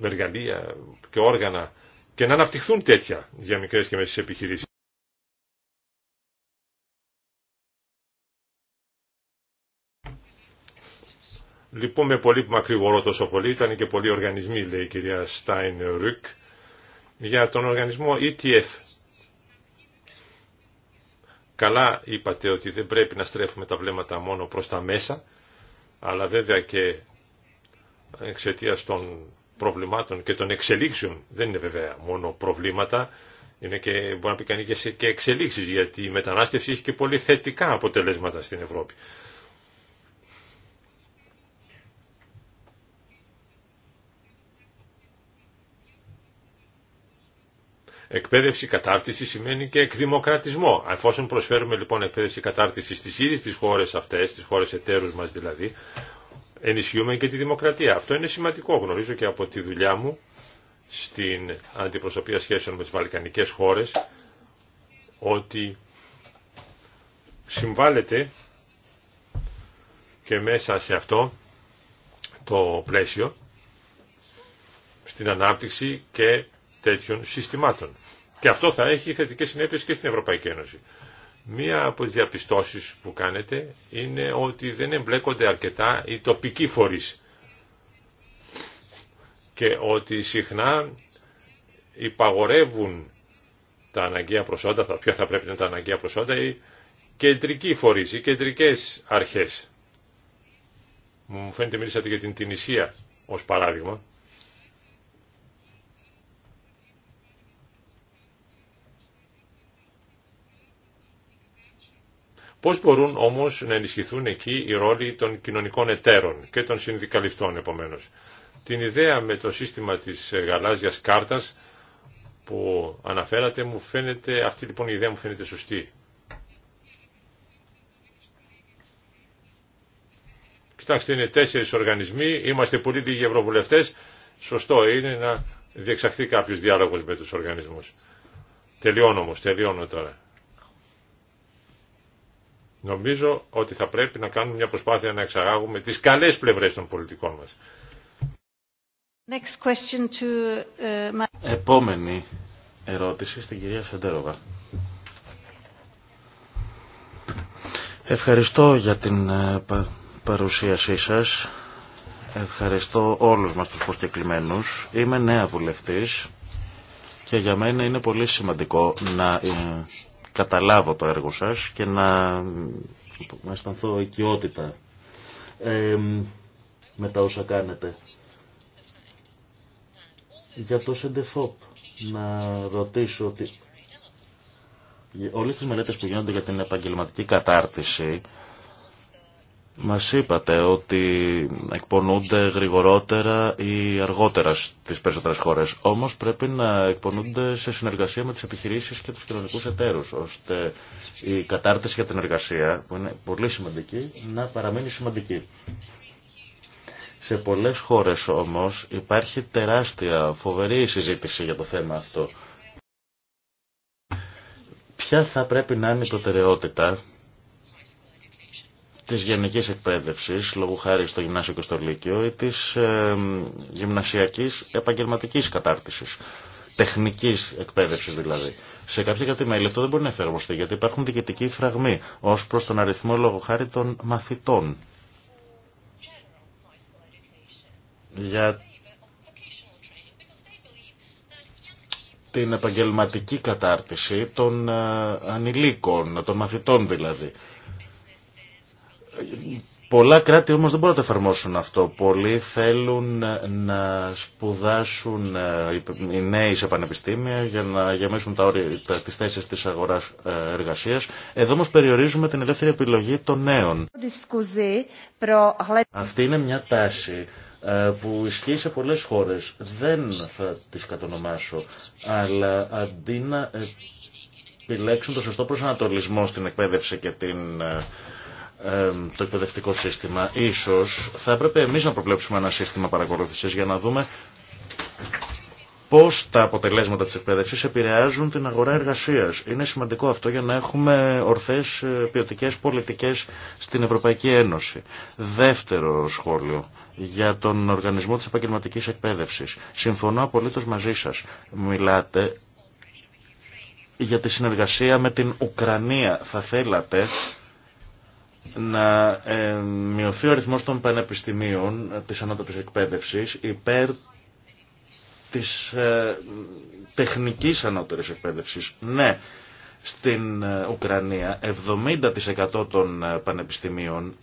εργαλεία και όργανα και να αναπτυχθούν τέτοια για μικρές και μέσες επιχειρήσεις. Λυπούμε πολύ που μακρηγορώ τόσο πολύ, ήταν και πολλοί οργανισμοί, λέει η κυρία Στάιν Ρουκ, για τον οργανισμό ETF. Καλά είπατε ότι δεν πρέπει να στρέφουμε τα βλέμματα μόνο προς τα μέσα, αλλά βέβαια και εξαιτία των προβλημάτων και των εξελίξεων, δεν είναι βέβαια μόνο προβλήματα, είναι και, μπορεί να πει κανεί και, και εξελίξεις, γιατί η μετανάστευση έχει και πολύ θετικά αποτελέσματα στην Ευρώπη. Εκπαίδευση κατάρτιση σημαίνει και εκδημοκρατισμό. Εφόσον προσφέρουμε λοιπόν εκπαίδευση κατάρτιση στι ίδιε τι χώρες αυτές, στι χώρες εταίρου μας δηλαδή, ενισχύουμε και τη δημοκρατία. Αυτό είναι σημαντικό, γνωρίζω και από τη δουλειά μου στην αντιπροσωπεία σχέσεων με τι βαλκανικές χώρες, ότι συμβάλλεται και μέσα σε αυτό το πλαίσιο στην ανάπτυξη και τέτοιων συστημάτων. Και αυτό θα έχει θετικές συνέπειες και στην Ευρωπαϊκή Ένωση. Μία από τις διαπιστώσεις που κάνετε είναι ότι δεν εμπλέκονται αρκετά οι τοπικοί φορείς και ότι συχνά υπαγορεύουν τα αναγκαία προσόντα, τα ποια θα πρέπει να είναι τα αναγκαία προσόντα, οι κεντρικοί φορείς, οι κεντρικές αρχές. Μου φαίνεται μίλησατε για την Τινησία ως παράδειγμα. Πώς μπορούν όμως να ενισχυθούν εκεί οι ρόλοι των κοινωνικών εταίρων και των συνδικαλιστών επομένως. Την ιδέα με το σύστημα της ε, γαλάζιας κάρτας που αναφέρατε μου φαίνεται, αυτή λοιπόν η ιδέα μου φαίνεται σωστή. Κοιτάξτε είναι τέσσερις οργανισμοί, είμαστε πολύ λίγοι ευρωβουλευτές, σωστό είναι να διεξαχθεί κάποιος διάλογος με τους οργανισμούς. Τελειώνω όμως, τελειώνω τώρα. Νομίζω ότι θα πρέπει να κάνουμε μια προσπάθεια να εξαγάγουμε τις καλές πλευρές των πολιτικών μας. Uh, Επόμενη ερώτηση στην κυρία Σεντερόβα. Ευχαριστώ για την ε, παρουσίασή σας. Ευχαριστώ όλους μας τους προσκεκλημένους. Είμαι νέα βουλευτής και για μένα είναι πολύ σημαντικό να ε, καταλάβω το έργο σας και να, να αισθανθώ οικειότητα ε, με τα όσα κάνετε. Για το ΣΕΝΤΕΦΟΠ να ρωτήσω ότι όλες τις μελέτες που γίνονται για την επαγγελματική κατάρτιση μας είπατε ότι εκπονούνται γρηγορότερα ή αργότερα στις περισσότερες χώρες. Όμως πρέπει να εκπονούνται σε συνεργασία με τις επιχειρήσεις και τους κοινωνικούς εταίρους, ώστε η κατάρτιση για την εργασία, που είναι πολύ σημαντική, να παραμείνει σημαντική. Σε πολλές χώρες όμως υπάρχει τεράστια φοβερή συζήτηση για το θέμα αυτό. Ποια θα πρέπει να είναι η προτεραιότητα της γενικής εκπαίδευσης, λόγω χάρη στο γυμνάσιο και στο λύκειο, ή της ε, γυμνασιακής επαγγελματικής κατάρτισης. Τεχνική εκπαίδευση δηλαδή. Σε κάποια κατημέλη αυτό δεν μπορεί να εφαρμοστεί γιατί υπάρχουν διοικητικοί φραγμοί ω προ τον αριθμό λόγω χάρη των μαθητών. Για την επαγγελματική κατάρτιση των ε, ανηλίκων, των μαθητών δηλαδή. Πολλά κράτη όμως δεν μπορούν να το εφαρμόσουν αυτό. Πολλοί θέλουν να σπουδάσουν ε, οι νέοι σε πανεπιστήμια για να γεμίσουν τα όρια, τα, τις θέσεις της αγοράς ε, εργασίας. Εδώ όμως περιορίζουμε την ελεύθερη επιλογή των νέων. Αυτή είναι μια τάση ε, που ισχύει σε πολλές χώρες. Δεν θα τις κατονομάσω, αλλά αντί να επιλέξουν το σωστό προσανατολισμό στην εκπαίδευση και την το εκπαιδευτικό σύστημα. Ίσως θα έπρεπε εμείς να προβλέψουμε ένα σύστημα παρακολούθησης για να δούμε πώς τα αποτελέσματα της εκπαίδευσης επηρεάζουν την αγορά εργασίας. Είναι σημαντικό αυτό για να έχουμε ορθές ε, ποιοτικές πολιτικές στην Ευρωπαϊκή Ένωση. Δεύτερο σχόλιο για τον οργανισμό της επαγγελματικής εκπαίδευσης. Συμφωνώ απολύτως μαζί σας. Μιλάτε για τη συνεργασία με την Ουκρανία. Θα θέλατε να ε, μειωθεί ο αριθμός των πανεπιστημίων ε, της ανώτατης εκπαίδευσης υπέρ της ε, τεχνικής ανώτερης εκπαίδευσης. Ναι, στην Ουκρανία 70% των πανεπιστημίων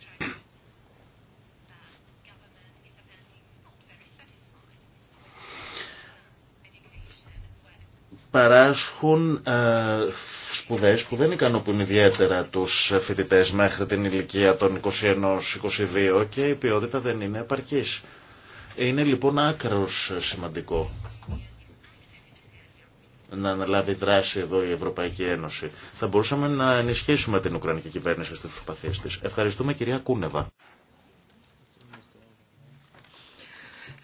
παράσχουν σπουδές που δεν ικανοποιούν ιδιαίτερα τους φοιτητές μέχρι την ηλικία των 21-22 και η ποιότητα δεν είναι επαρκής. Είναι λοιπόν άκρος σημαντικό να αναλάβει δράση εδώ η Ευρωπαϊκή Ένωση. Θα μπορούσαμε να ενισχύσουμε την Ουκρανική κυβέρνηση στις προσπαθίες της. Ευχαριστούμε κυρία Κούνεβα.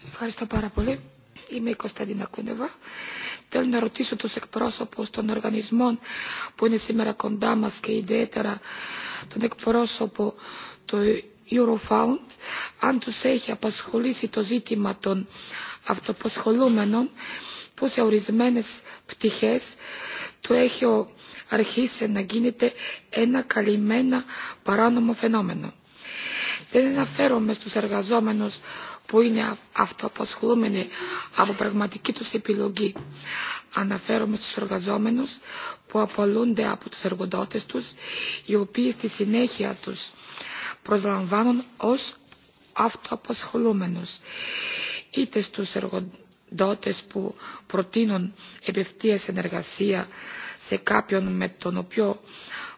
Ευχαριστώ πάρα πολύ. Είμαι η Κωνσταντίνα Κούνεβα. Θέλω να ρωτήσω τους εκπρόσωπους των οργανισμών που είναι σήμερα κοντά μας και ιδιαίτερα τον εκπρόσωπο του Eurofound αν τους έχει απασχολήσει το ζήτημα των αυτοπασχολούμενων που σε ορισμένες πτυχές του έχει αρχίσει να γίνεται ένα καλυμμένα παράνομο φαινόμενο. Δεν αναφέρομαι στους εργαζόμενους που είναι αυτοαπασχολούμενοι από πραγματική τους επιλογή. Αναφέρομαι στους εργαζόμενους που απολούνται από τους εργοδότες τους, οι οποίοι στη συνέχεια τους προσλαμβάνουν ως αυτοαπασχολούμενους. Είτε στους εργοδότες που προτείνουν επευθεία συνεργασία σε κάποιον με τον οποίο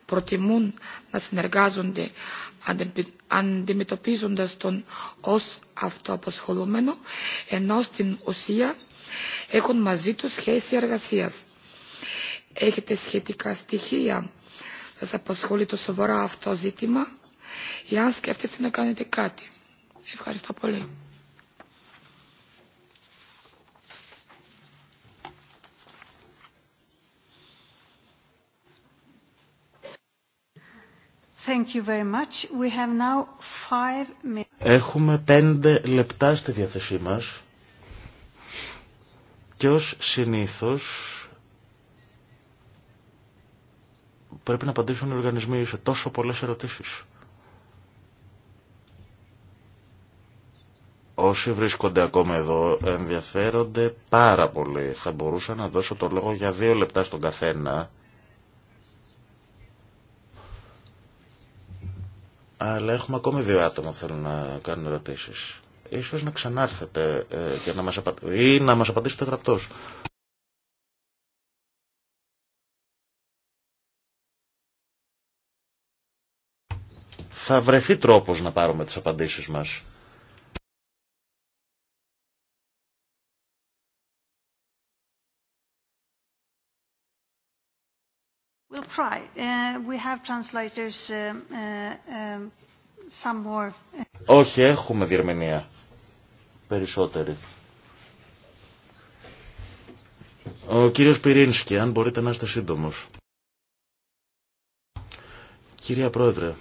προτιμούν να συνεργάζονται αντιμετωπίζοντας τον ως αυτοαποσχολούμενο, ενώ στην ουσία έχουν μαζί τους σχέση εργασίας. Έχετε σχετικά στοιχεία. Σας απασχολεί το σοβαρό αυτό ζήτημα. ή αν σκέφτεστε να κάνετε κάτι. Ευχαριστώ πολύ. Έχουμε πέντε λεπτά στη διάθεσή μας και ως συνήθως πρέπει να απαντήσουν οι οργανισμοί σε τόσο πολλές ερωτήσεις. Όσοι βρίσκονται ακόμα εδώ ενδιαφέρονται πάρα πολύ. Θα μπορούσα να δώσω το λόγο για δύο λεπτά στον καθένα αλλά έχουμε ακόμη δύο άτομα που θέλουν να κάνουν ερωτήσει. Ίσως να ξανάρθετε και ε, να μας ή να μας απαντήσετε γραπτός. Θα βρεθεί τρόπος να πάρουμε τις απαντήσεις μας. try. Uh, we have translators uh, uh, um, Όχι, έχουμε διερμηνία. Περισσότεροι. Ο κύριος Πυρίνσκι, αν μπορείτε να είστε σύντομος. Κυρία Πρόεδρε,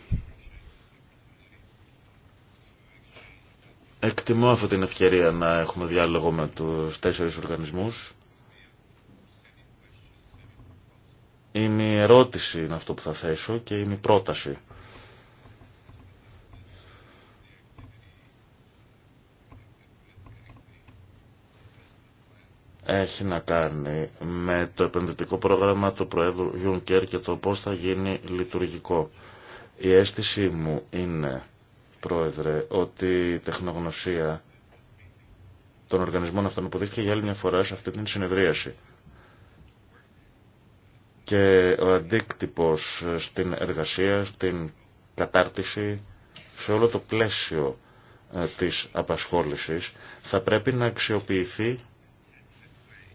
εκτιμώ αυτή την ευκαιρία να έχουμε διάλογο με τους τέσσερις οργανισμούς Είναι Η ερώτηση είναι αυτό που θα θέσω και είναι η πρόταση. έχει να κάνει με το επενδυτικό πρόγραμμα του Προέδρου Γιούνκερ και το πώς θα γίνει λειτουργικό. Η αίσθησή μου είναι, Πρόεδρε, ότι η τεχνογνωσία των οργανισμών αυτών αποδείχθηκε για άλλη μια φορά σε αυτή την συνεδρίαση και ο αντίκτυπος στην εργασία, στην κατάρτιση, σε όλο το πλαίσιο ε, της απασχόλησης θα πρέπει να αξιοποιηθεί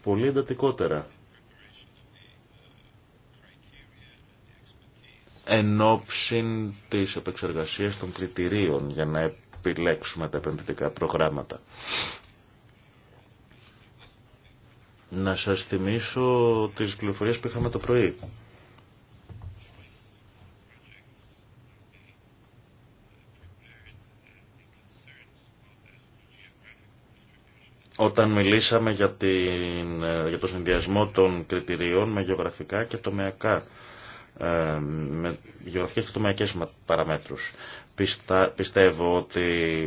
πολύ εντατικότερα. Εν ώψη της επεξεργασίας των κριτηρίων για να επιλέξουμε τα επενδυτικά προγράμματα. Να σας θυμίσω τις πληροφορίες που είχαμε το πρωί. Όταν μιλήσαμε για, την, ε, για το συνδυασμό των κριτηρίων με γεωγραφικά και τομεακά ε, με γεωγραφικές και τομαϊκές παραμέτρους. πιστεύω ότι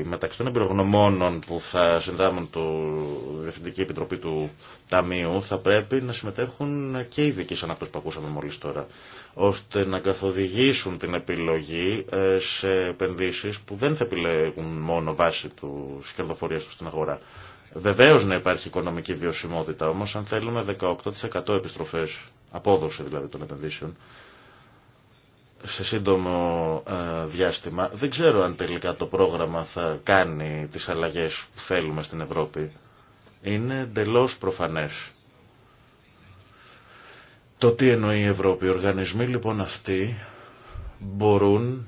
μεταξύ των εμπειρογνωμόνων που θα συνδράμουν το Διευθυντική Επιτροπή του Ταμείου θα πρέπει να συμμετέχουν και οι δικοί σαν αυτούς που ακούσαμε μόλις τώρα, ώστε να καθοδηγήσουν την επιλογή ε, σε επενδύσεις που δεν θα επιλέγουν μόνο βάση του κερδοφορίας του στην αγορά. Βεβαίω να υπάρχει οικονομική βιωσιμότητα, όμω αν θέλουμε 18% επιστροφέ, απόδοση δηλαδή των επενδύσεων, σε σύντομο ε, διάστημα. Δεν ξέρω αν τελικά το πρόγραμμα θα κάνει τις αλλαγές που θέλουμε στην Ευρώπη. Είναι εντελώ προφανές. Το τι εννοεί η Ευρώπη. Οι οργανισμοί λοιπόν αυτοί μπορούν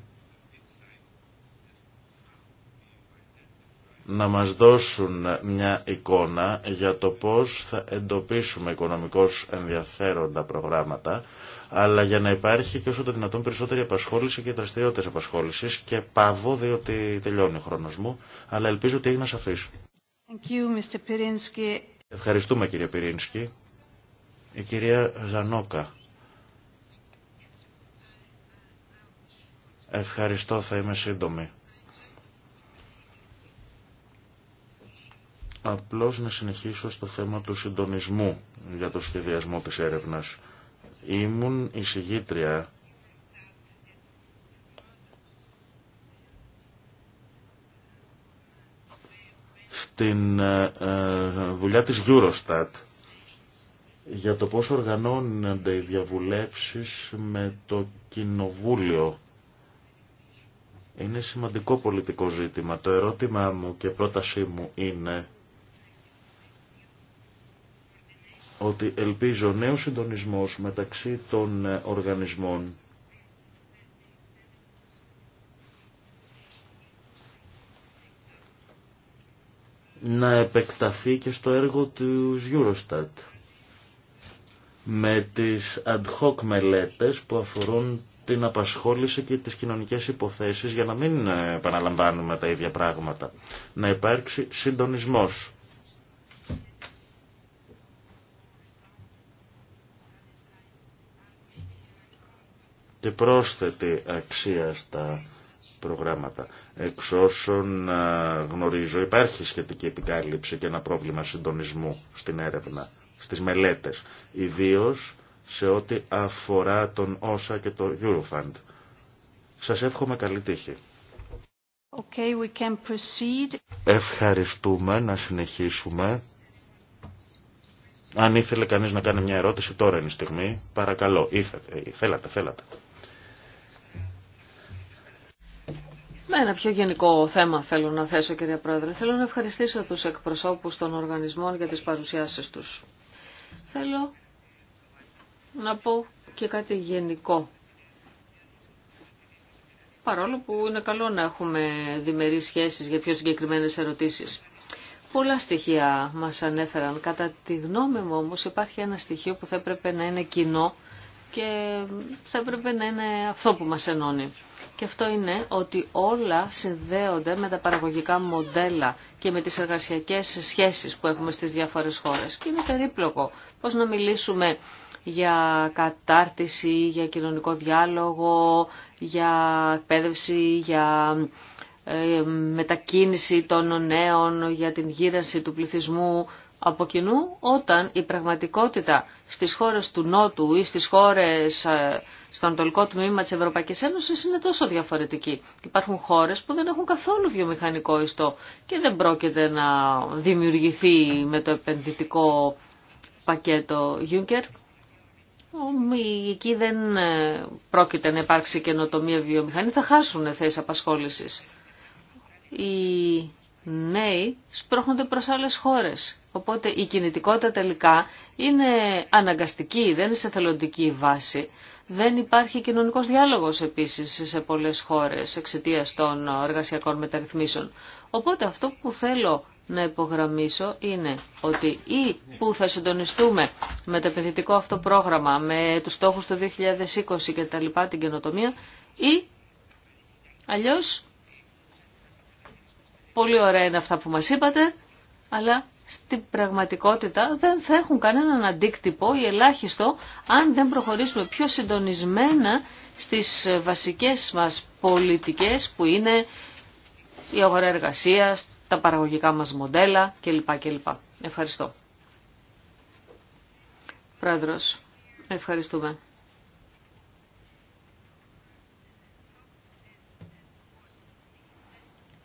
να μας δώσουν μια εικόνα για το πώς θα εντοπίσουμε οικονομικώς ενδιαφέροντα προγράμματα αλλά για να υπάρχει και όσο το δυνατόν περισσότερη απασχόληση και δραστηριότητε απασχόληση και παβώ διότι τελειώνει ο χρόνο μου, αλλά ελπίζω ότι έγινα σαφή. Ευχαριστούμε κύριε Πυρίνσκι. Η κυρία Ζανόκα. Ευχαριστώ, θα είμαι σύντομη. Απλώς να συνεχίσω στο θέμα του συντονισμού για το σχεδιασμό της έρευνας. Ήμουν εισηγήτρια στην ε, ε, δουλειά της Eurostat για το πώς οργανώνονται οι διαβουλεύσεις με το Κοινοβούλιο. Είναι σημαντικό πολιτικό ζήτημα. Το ερώτημά μου και πρότασή μου είναι ότι ελπίζω νέο συντονισμός μεταξύ των ε, οργανισμών να επεκταθεί και στο έργο του Eurostat με τις ad hoc μελέτες που αφορούν την απασχόληση και τις κοινωνικές υποθέσεις για να μην ε, επαναλαμβάνουμε τα ίδια πράγματα. Να υπάρξει συντονισμός και πρόσθετη αξία στα προγράμματα. Εξ όσων γνωρίζω υπάρχει σχετική επικάλυψη και ένα πρόβλημα συντονισμού στην έρευνα, στις μελέτες, ιδίως σε ό,τι αφορά τον ΩΣΑ και το Eurofund. Σας εύχομαι καλή τύχη. Ευχαριστούμε να συνεχίσουμε. Αν ήθελε κανείς να κάνει μια ερώτηση, τώρα είναι η στιγμή. Παρακαλώ, ε, θέλατε, θέλατε. Με ένα πιο γενικό θέμα θέλω να θέσω, κυρία Πρόεδρε. Θέλω να ευχαριστήσω τους εκπροσώπους των οργανισμών για τις παρουσιάσεις τους. Θέλω να πω και κάτι γενικό. Παρόλο που είναι καλό να έχουμε διμερείς σχέσεις για πιο συγκεκριμένες ερωτήσεις. Πολλά στοιχεία μας ανέφεραν. Κατά τη γνώμη μου όμως υπάρχει ένα στοιχείο που θα έπρεπε να είναι κοινό και θα έπρεπε να είναι αυτό που μας ενώνει και αυτό είναι ότι όλα συνδέονται με τα παραγωγικά μοντέλα και με τις εργασιακές σχέσεις που έχουμε στις διάφορες χώρες. Και είναι περίπλοκο πώς να μιλήσουμε για κατάρτιση, για κοινωνικό διάλογο, για εκπαίδευση, για ε, μετακίνηση των νέων, για την γύρανση του πληθυσμού από κοινού, όταν η πραγματικότητα στις χώρες του Νότου ή στις χώρες ε, στο ανατολικό τμήμα της Ευρωπαϊκής Ένωσης είναι τόσο διαφορετική. Υπάρχουν χώρες που δεν έχουν καθόλου βιομηχανικό ιστό και δεν πρόκειται να δημιουργηθεί με το επενδυτικό πακέτο Juncker. Εκεί δεν ε, πρόκειται να υπάρξει καινοτομία βιομηχανή, θα χάσουν θέσεις απασχόλησης. Οι νέοι σπρώχνονται προς άλλες χώρες. Οπότε η κινητικότητα τελικά είναι αναγκαστική, δεν είναι σε θελοντική βάση. Δεν υπάρχει κοινωνικός διάλογος επίσης σε πολλές χώρες εξαιτία των εργασιακών μεταρρυθμίσεων. Οπότε αυτό που θέλω να υπογραμμίσω είναι ότι ή που θα συντονιστούμε με το επενδυτικό αυτό πρόγραμμα, με τους στόχους του 2020 και τα λοιπά την καινοτομία ή αλλιώς πολύ ωραία είναι αυτά που μας είπατε αλλά στην πραγματικότητα δεν θα έχουν κανέναν αντίκτυπο ή ελάχιστο αν δεν προχωρήσουμε πιο συντονισμένα στις βασικές μας πολιτικές που είναι η αγορά εργασία, τα παραγωγικά μας μοντέλα κλπ. Ευχαριστώ. Πρόεδρος, ευχαριστούμε.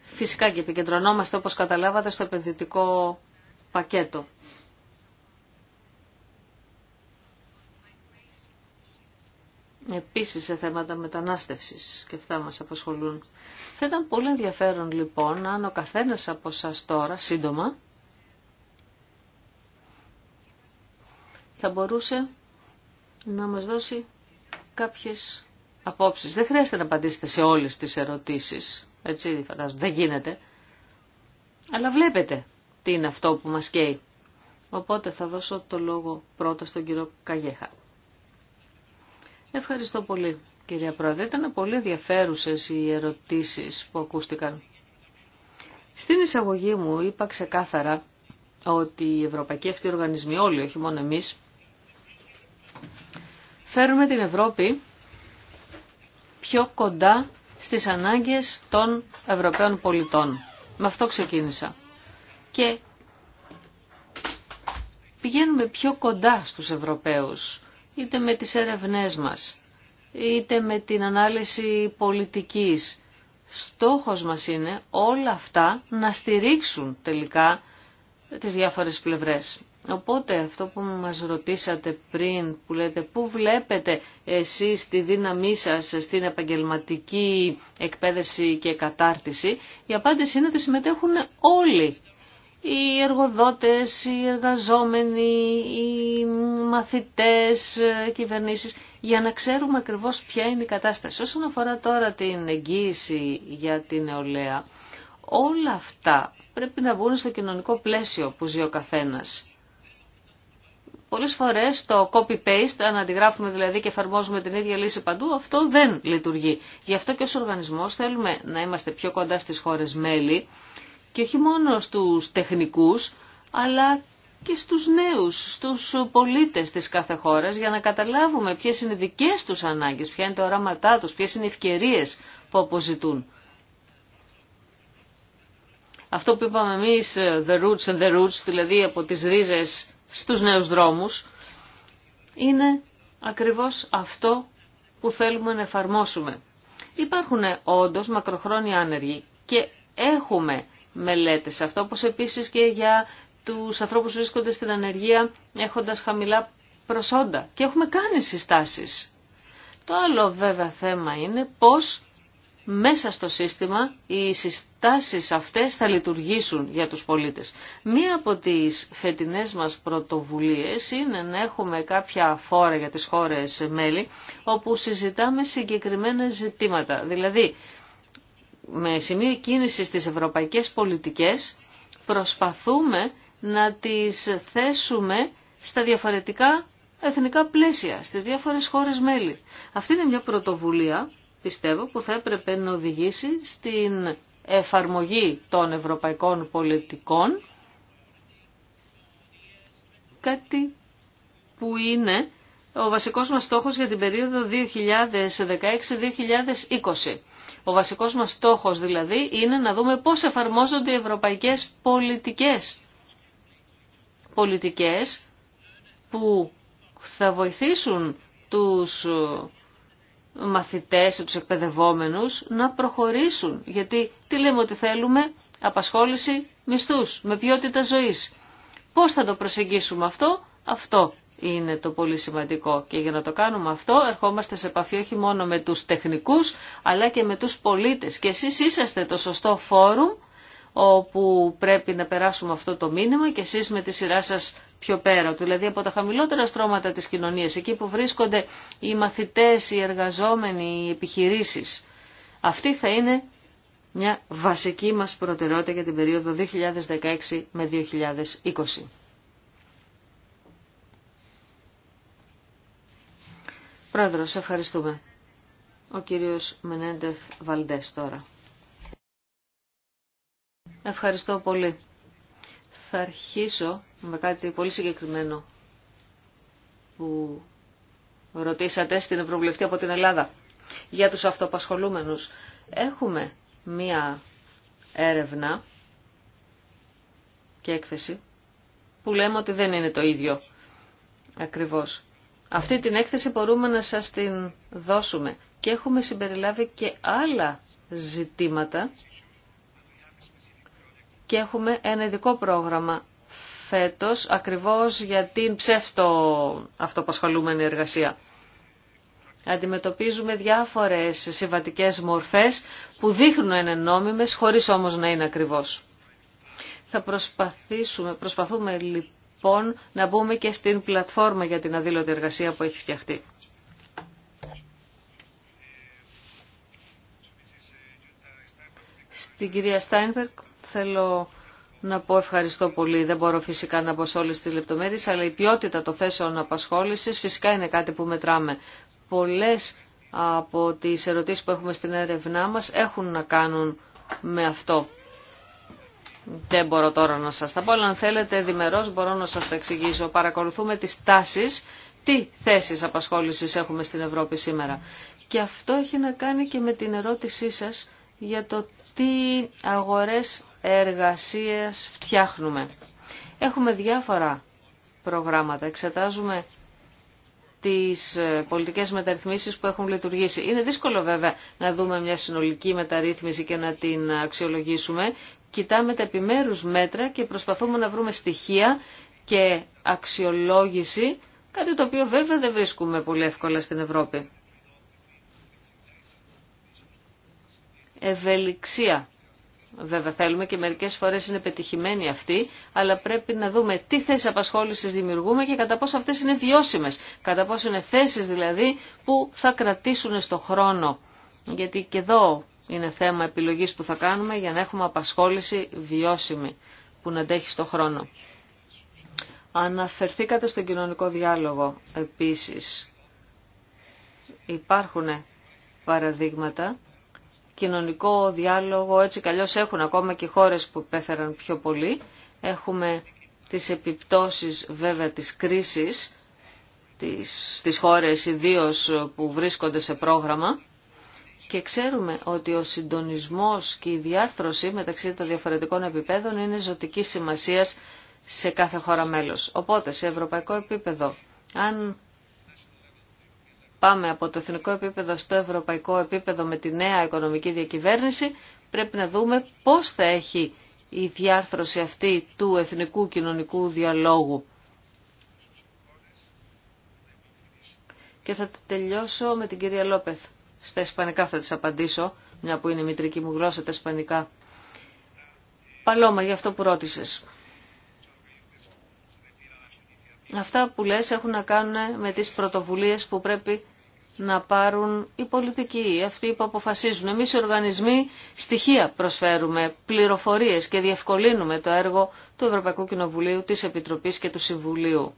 Φυσικά και επικεντρωνόμαστε όπως καταλάβατε στο επενδυτικό πακέτο. Επίσης σε θέματα μετανάστευσης και αυτά μας απασχολούν. Θα ήταν πολύ ενδιαφέρον λοιπόν αν ο καθένας από σας τώρα, σύντομα, θα μπορούσε να μας δώσει κάποιες απόψεις. Δεν χρειάζεται να απαντήσετε σε όλες τις ερωτήσεις, έτσι φαντάζομαι, δεν γίνεται. Αλλά βλέπετε τι είναι αυτό που μας καίει. Οπότε θα δώσω το λόγο πρώτα στον κύριο Καγέχα. Ευχαριστώ πολύ κυρία Πρόεδρε. Ήταν πολύ ενδιαφέρουσε οι ερωτήσεις που ακούστηκαν. Στην εισαγωγή μου είπα ξεκάθαρα ότι οι ευρωπαϊκοί αυτοί οργανισμοί όλοι, όχι μόνο εμείς, φέρουμε την Ευρώπη πιο κοντά στις ανάγκες των Ευρωπαίων πολιτών. Με αυτό ξεκίνησα και πηγαίνουμε πιο κοντά στους Ευρωπαίους, είτε με τις έρευνές μας, είτε με την ανάλυση πολιτικής. Στόχος μας είναι όλα αυτά να στηρίξουν τελικά τις διάφορες πλευρές. Οπότε αυτό που μας ρωτήσατε πριν που λέτε πού βλέπετε εσείς τη δύναμή σας στην επαγγελματική εκπαίδευση και κατάρτιση, η απάντηση είναι ότι συμμετέχουν όλοι οι εργοδότες, οι εργαζόμενοι, οι μαθητές, οι ε, κυβερνήσεις, για να ξέρουμε ακριβώς ποια είναι η κατάσταση. Όσον αφορά τώρα την εγγύηση για την νεολαία, όλα αυτά πρέπει να βγουν στο κοινωνικό πλαίσιο που ζει ο καθένας. Πολλές φορές το copy-paste, αν αντιγράφουμε δηλαδή και εφαρμόζουμε την ίδια λύση παντού, αυτό δεν λειτουργεί. Γι' αυτό και ως οργανισμός θέλουμε να είμαστε πιο κοντά στις χώρες μέλη, και όχι μόνο στους τεχνικούς, αλλά και στους νέους, στους πολίτες της κάθε χώρας για να καταλάβουμε ποιες είναι δικές τους ανάγκες, ποια είναι τα οράματά τους, ποιες είναι οι ευκαιρίες που αποζητούν. Αυτό που είπαμε εμείς, ε, the roots and the roots, δηλαδή από τις ρίζες στους νέους δρόμους, είναι ακριβώς αυτό που θέλουμε να εφαρμόσουμε. Υπάρχουν όντως μακροχρόνια άνεργοι και έχουμε μελέτες. Αυτό όπως επίσης και για τους ανθρώπους που βρίσκονται στην ανεργία έχοντας χαμηλά προσόντα. Και έχουμε κάνει συστάσεις. Το άλλο βέβαια θέμα είναι πώς μέσα στο σύστημα οι συστάσεις αυτές θα λειτουργήσουν για τους πολίτες. Μία από τις φετινές μας πρωτοβουλίες είναι να έχουμε κάποια φόρα για τις χώρες μέλη όπου συζητάμε συγκεκριμένα ζητήματα. Δηλαδή με σημείο κίνηση στις ευρωπαϊκές πολιτικές προσπαθούμε να τις θέσουμε στα διαφορετικά εθνικά πλαίσια, στις διάφορες χώρες μέλη. Αυτή είναι μια πρωτοβουλία, πιστεύω, που θα έπρεπε να οδηγήσει στην εφαρμογή των ευρωπαϊκών πολιτικών, κάτι που είναι ο βασικός μας στόχος για την περίοδο 2016-2020. Ο βασικός μας στόχος δηλαδή είναι να δούμε πώς εφαρμόζονται οι ευρωπαϊκές πολιτικές. Πολιτικές που θα βοηθήσουν τους ε, μαθητές, τους εκπαιδευόμενους να προχωρήσουν. Γιατί τι λέμε ότι θέλουμε, απασχόληση, μισθούς, με ποιότητα ζωής. Πώς θα το προσεγγίσουμε αυτό, αυτό είναι το πολύ σημαντικό. Και για να το κάνουμε αυτό ερχόμαστε σε επαφή όχι μόνο με τους τεχνικούς αλλά και με τους πολίτες. Και εσείς είσαστε το σωστό φόρουμ όπου πρέπει να περάσουμε αυτό το μήνυμα και εσείς με τη σειρά σας πιο πέρα. Δηλαδή από τα χαμηλότερα στρώματα της κοινωνίας, εκεί που βρίσκονται οι μαθητές, οι εργαζόμενοι, οι επιχειρήσεις. Αυτή θα είναι μια βασική μας προτεραιότητα για την περίοδο 2016 με 2020. σε ευχαριστούμε. Ο κύριος Μενέντεθ Βαλντές τώρα. Ευχαριστώ πολύ. Θα αρχίσω με κάτι πολύ συγκεκριμένο που ρωτήσατε στην Ευρωβουλευτή από την Ελλάδα για τους αυτοπασχολούμενους. Έχουμε μία έρευνα και έκθεση που λέμε ότι δεν είναι το ίδιο ακριβώς. Αυτή την έκθεση μπορούμε να σας την δώσουμε και έχουμε συμπεριλάβει και άλλα ζητήματα και έχουμε ένα ειδικό πρόγραμμα φέτος ακριβώς για την ψεύτο αυτοπασχολούμενη εργασία. Αντιμετωπίζουμε διάφορες συμβατικές μορφές που δείχνουν ένα νόμιμες χωρίς όμως να είναι ακριβώς. Θα προσπαθήσουμε, προσπαθούμε λοιπόν λοιπόν να μπούμε και στην πλατφόρμα για την αδήλωτη εργασία που έχει φτιαχτεί. Στην κυρία Στάινβερκ θέλω να πω ευχαριστώ πολύ. Δεν μπορώ φυσικά να πω σε όλες τις λεπτομέρειες, αλλά η ποιότητα των θέσεων απασχόλησης φυσικά είναι κάτι που μετράμε. Πολλές από τις ερωτήσεις που έχουμε στην έρευνά μας έχουν να κάνουν με αυτό. Δεν μπορώ τώρα να σας τα πω, αλλά αν θέλετε διμερώς μπορώ να σας τα εξηγήσω. Παρακολουθούμε τις τάσεις, τι θέσεις απασχόλησης έχουμε στην Ευρώπη σήμερα. Και αυτό έχει να κάνει και με την ερώτησή σας για το τι αγορές εργασίας φτιάχνουμε. Έχουμε διάφορα προγράμματα. Εξετάζουμε τις ε, πολιτικές μεταρρυθμίσεις που έχουν λειτουργήσει. Είναι δύσκολο βέβαια να δούμε μια συνολική μεταρρύθμιση και να την αξιολογήσουμε κοιτάμε τα επιμέρους μέτρα και προσπαθούμε να βρούμε στοιχεία και αξιολόγηση, κάτι το οποίο βέβαια δεν βρίσκουμε πολύ εύκολα στην Ευρώπη. Ευελιξία. Βέβαια θέλουμε και μερικές φορές είναι πετυχημένη αυτή, αλλά πρέπει να δούμε τι θέσεις απασχόλησης δημιουργούμε και κατά πόσο αυτές είναι βιώσιμες, κατά πόσο είναι θέσεις δηλαδή που θα κρατήσουν στο χρόνο. Γιατί και εδώ είναι θέμα επιλογής που θα κάνουμε για να έχουμε απασχόληση βιώσιμη που να αντέχει στον χρόνο. Αναφερθήκατε στον κοινωνικό διάλογο επίσης. Υπάρχουν παραδείγματα. Κοινωνικό διάλογο έτσι καλώς έχουν ακόμα και χώρες που υπέφεραν πιο πολύ. Έχουμε τις επιπτώσεις βέβαια της κρίσης τις, στις χώρες ιδίως που βρίσκονται σε πρόγραμμα και ξέρουμε ότι ο συντονισμός και η διάρθρωση μεταξύ των διαφορετικών επιπέδων είναι ζωτική σημασία σε κάθε χώρα μέλος. Οπότε, σε ευρωπαϊκό επίπεδο, αν πάμε από το εθνικό επίπεδο στο ευρωπαϊκό επίπεδο με τη νέα οικονομική διακυβέρνηση, πρέπει να δούμε πώς θα έχει η διάρθρωση αυτή του εθνικού κοινωνικού διαλόγου. Και θα τελειώσω με την κυρία Λόπεθ. Στα ισπανικά θα τις απαντήσω, μια που είναι η μητρική μου γλώσσα τα ισπανικά. Παλώμα, για αυτό που ρώτησες. Αυτά που λες έχουν να κάνουν με τις πρωτοβουλίες που πρέπει να πάρουν οι πολιτικοί, αυτοί που αποφασίζουν. Εμείς οι οργανισμοί στοιχεία προσφέρουμε, πληροφορίες και διευκολύνουμε το έργο του Ευρωπαϊκού Κοινοβουλίου, της Επιτροπής και του Συμβουλίου.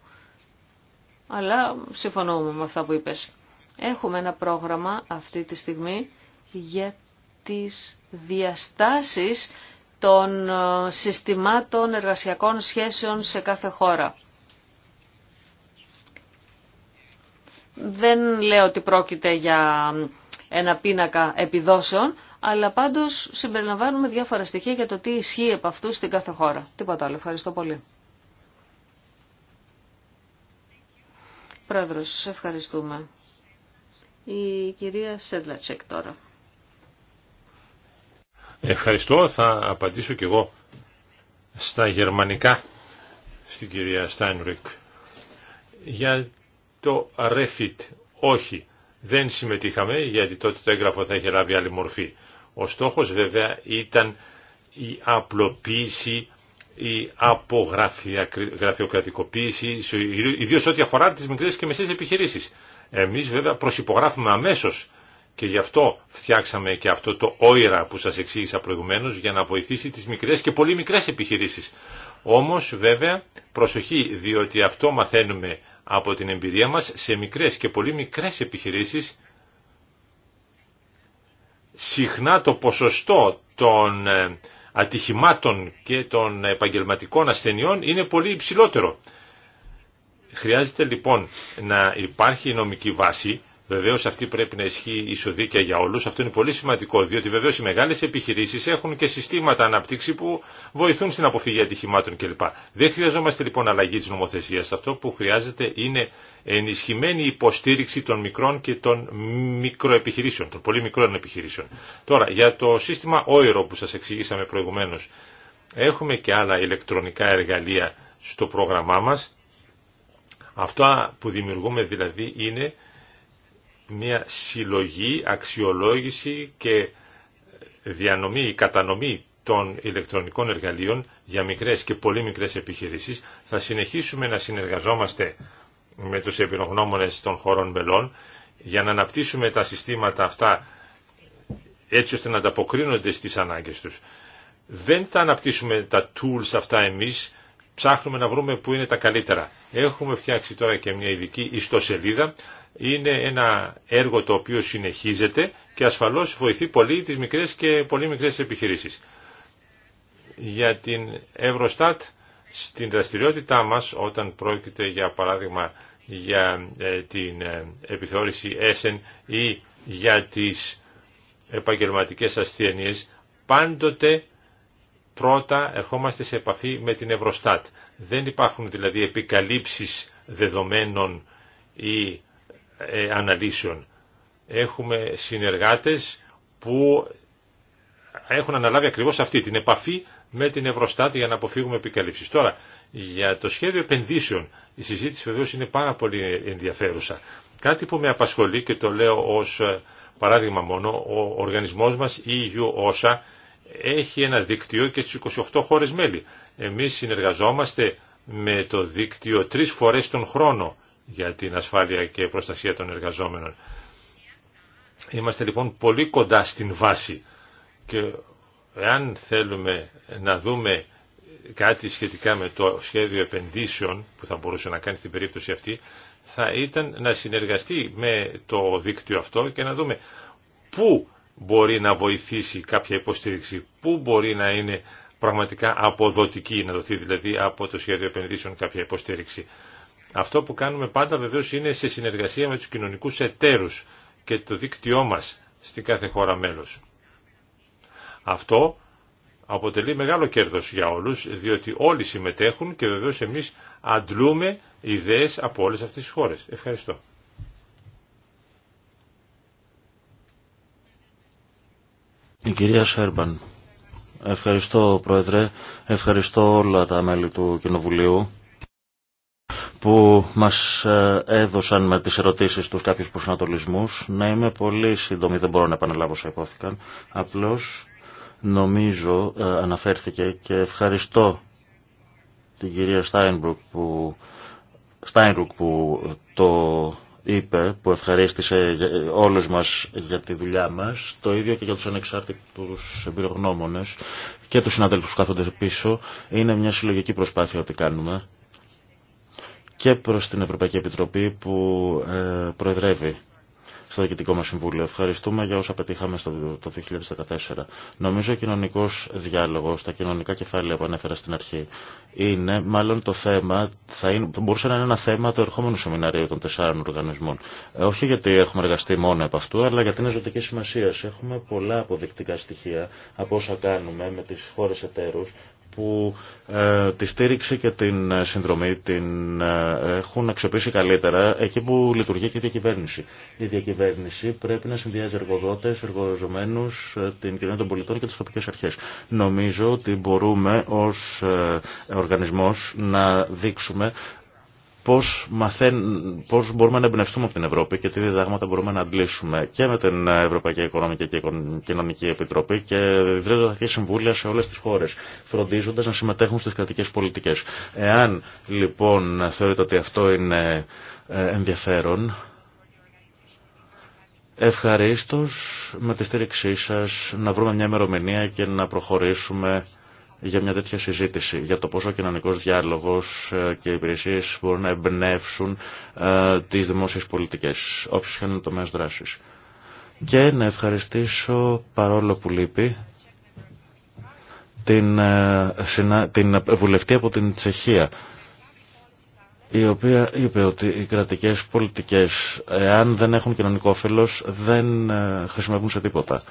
Αλλά συμφωνούμε με αυτά που είπες. Έχουμε ένα πρόγραμμα αυτή τη στιγμή για τις διαστάσεις των ε, συστημάτων εργασιακών σχέσεων σε κάθε χώρα. Δεν λέω ότι πρόκειται για ένα πίνακα επιδόσεων, αλλά πάντως συμπεριλαμβάνουμε διάφορα στοιχεία για το τι ισχύει από αυτού στην κάθε χώρα. Τίποτα άλλο. Ευχαριστώ πολύ. Πρόεδρος, ευχαριστούμε. Η κυρία Σέντλατσεκ τώρα. Ευχαριστώ. Θα απαντήσω κι εγώ στα γερμανικά στην κυρία Στάινρικ. Για το Refit, όχι, δεν συμμετείχαμε γιατί τότε το έγγραφο θα είχε λάβει άλλη μορφή. Ο στόχος βέβαια ήταν η απλοποίηση, η απογραφειοκρατικοποίηση, ιδίως ό,τι αφορά τις μικρές και μεσαίες επιχειρήσεις. Εμείς βέβαια προσυπογράφουμε αμέσως και γι' αυτό φτιάξαμε και αυτό το όιρα που σας εξήγησα προηγουμένως για να βοηθήσει τις μικρές και πολύ μικρές επιχειρήσεις. Όμως βέβαια προσοχή διότι αυτό μαθαίνουμε από την εμπειρία μας σε μικρές και πολύ μικρές επιχειρήσεις συχνά το ποσοστό των ε, ατυχημάτων και των επαγγελματικών ασθενειών είναι πολύ υψηλότερο. Χρειάζεται λοιπόν να υπάρχει νομική βάση, βεβαίω αυτή πρέπει να ισχύει ισοδίκαια για όλου, αυτό είναι πολύ σημαντικό, διότι βεβαίω οι μεγάλε επιχειρήσει έχουν και συστήματα ανάπτυξη που βοηθούν στην αποφυγή ατυχημάτων κλπ. Δεν χρειαζόμαστε λοιπόν αλλαγή τη νομοθεσία. Αυτό που χρειάζεται είναι ενισχυμένη υποστήριξη των μικρών και των μικροεπιχειρήσεων, των πολύ μικρών επιχειρήσεων. Τώρα, για το σύστημα OIRO που σα εξηγήσαμε προηγουμένω, έχουμε και άλλα ηλεκτρονικά εργαλεία στο πρόγραμμά μας Αυτά που δημιουργούμε δηλαδή είναι μια συλλογή, αξιολόγηση και διανομή, ή κατανομή των ηλεκτρονικών εργαλείων για μικρές και πολύ μικρές επιχειρήσεις. Θα συνεχίσουμε να συνεργαζόμαστε με τους εμπειρογνώμονες των χωρών μελών για να αναπτύσσουμε τα συστήματα αυτά έτσι ώστε να ανταποκρίνονται στις ανάγκες τους. Δεν θα αναπτύσσουμε τα tools αυτά εμείς ψάχνουμε να βρούμε που είναι τα καλύτερα. Έχουμε φτιάξει τώρα και μια ειδική ιστοσελίδα. Είναι ένα έργο το οποίο συνεχίζεται και ασφαλώς βοηθεί πολύ τις μικρές και πολύ μικρές επιχειρήσεις. Για την Ευρωστάτ στην δραστηριότητά μας όταν πρόκειται για παράδειγμα για ε, την ε, επιθεώρηση ΕΣΕΝ ή για τις επαγγελματικές ασθένειες πάντοτε πρώτα ερχόμαστε σε επαφή με την Ευρωστάτ. Δεν υπάρχουν δηλαδή επικαλύψεις δεδομένων ή ε, αναλύσεων. Έχουμε συνεργάτες που έχουν αναλάβει ακριβώς αυτή την επαφή με την Ευρωστάτ για να αποφύγουμε επικαλύψεις. Τώρα, για το σχέδιο επενδύσεων, η συζήτηση βεβαίω είναι πάρα πολύ ενδιαφέρουσα. Κάτι που με απασχολεί και το λέω ως ε, παράδειγμα μόνο, ο οργανισμός μας, η EU OSA, έχει ένα δίκτυο και στις 28 χώρες μέλη. Εμείς συνεργαζόμαστε με το δίκτυο τρεις φορές τον χρόνο για την ασφάλεια και προστασία των εργαζόμενων. Είμαστε λοιπόν πολύ κοντά στην βάση και εάν θέλουμε να δούμε κάτι σχετικά με το σχέδιο επενδύσεων που θα μπορούσε να κάνει στην περίπτωση αυτή, θα ήταν να συνεργαστεί με το δίκτυο αυτό και να δούμε πού μπορεί να βοηθήσει κάποια υποστήριξη, πού μπορεί να είναι πραγματικά αποδοτική, να δοθεί δηλαδή από το σχέδιο επενδύσεων κάποια υποστήριξη. Αυτό που κάνουμε πάντα βεβαίως είναι σε συνεργασία με τους κοινωνικούς εταίρους και το δίκτυό μας στην κάθε χώρα μέλος. Αυτό αποτελεί μεγάλο κέρδος για όλους, διότι όλοι συμμετέχουν και βεβαίως εμείς αντλούμε ιδέες από όλες αυτές τις χώρες. Ευχαριστώ. Η κυρία Σέρμπαν. Ευχαριστώ Πρόεδρε, ευχαριστώ όλα τα μέλη του Κοινοβουλίου που μας ε, έδωσαν με τις ερωτήσεις τους κάποιους προσανατολισμούς. Να είμαι πολύ σύντομη, δεν μπορώ να επαναλάβω όσα υπόθηκαν. Απλώς νομίζω ε, αναφέρθηκε και ευχαριστώ την κυρία Στάινμπρουκ που, Στάινρουκ που το είπε, που ευχαρίστησε όλους μας για τη δουλειά μας, το ίδιο και για τους ανεξάρτητους εμπειρογνώμονες και τους συναδέλφους που κάθονται πίσω, είναι μια συλλογική προσπάθεια ότι κάνουμε και προς την Ευρωπαϊκή Επιτροπή που ε, προεδρεύει στο Διοικητικό μα Συμβούλιο. Ευχαριστούμε για όσα πετύχαμε στο, το 2014. Νομίζω ο κοινωνικό διάλογο, τα κοινωνικά κεφάλαια που ανέφερα στην αρχή, είναι μάλλον το θέμα, θα, είναι, μπορούσε να είναι ένα θέμα του ερχόμενου σεμιναρίου των τεσσάρων οργανισμών. Ε, όχι γιατί έχουμε εργαστεί μόνο από αυτού, αλλά γιατί είναι ζωτική σημασία. Έχουμε πολλά αποδεικτικά στοιχεία από όσα κάνουμε με τι χώρε εταίρους που ε, τη στήριξη και την ε, συνδρομή την ε, έχουν αξιοποιήσει καλύτερα εκεί που λειτουργεί και η διακυβέρνηση. Η διακυβέρνηση πρέπει να συνδυάζει εργοδότε, εργοζομένου, την κοινωνία των πολιτών και τι τοπικέ αρχέ. Νομίζω ότι μπορούμε ω οργανισμό να δείξουμε πώς, πώς μπορούμε να εμπνευστούμε από την Ευρώπη και τι διδάγματα μπορούμε να αντλήσουμε και με την Ευρωπαϊκή Οικονομική και Κοινωνική Επιτροπή και τα σε συμβούλια σε όλες τις χώρες, φροντίζοντας να συμμετέχουν στις κρατικές πολιτικές. Εάν λοιπόν θεωρείτε ότι αυτό είναι ε, ενδιαφέρον, ευχαρίστως με τη στήριξή σας να βρούμε μια ημερομηνία και να προχωρήσουμε για μια τέτοια συζήτηση, για το πόσο ο κοινωνικός διάλογος ε, και οι υπηρεσίες μπορούν να εμπνεύσουν ε, τις δημόσιες πολιτικές, όποιες και είναι τομέας δράσης. Και να ευχαριστήσω, παρόλο που λείπει, την, ε, την βουλευτή από την Τσεχία, η οποία είπε ότι οι κρατικές πολιτικές, εάν δεν έχουν κοινωνικό όφελος, δεν χρησιμεύουν σε τίποτα.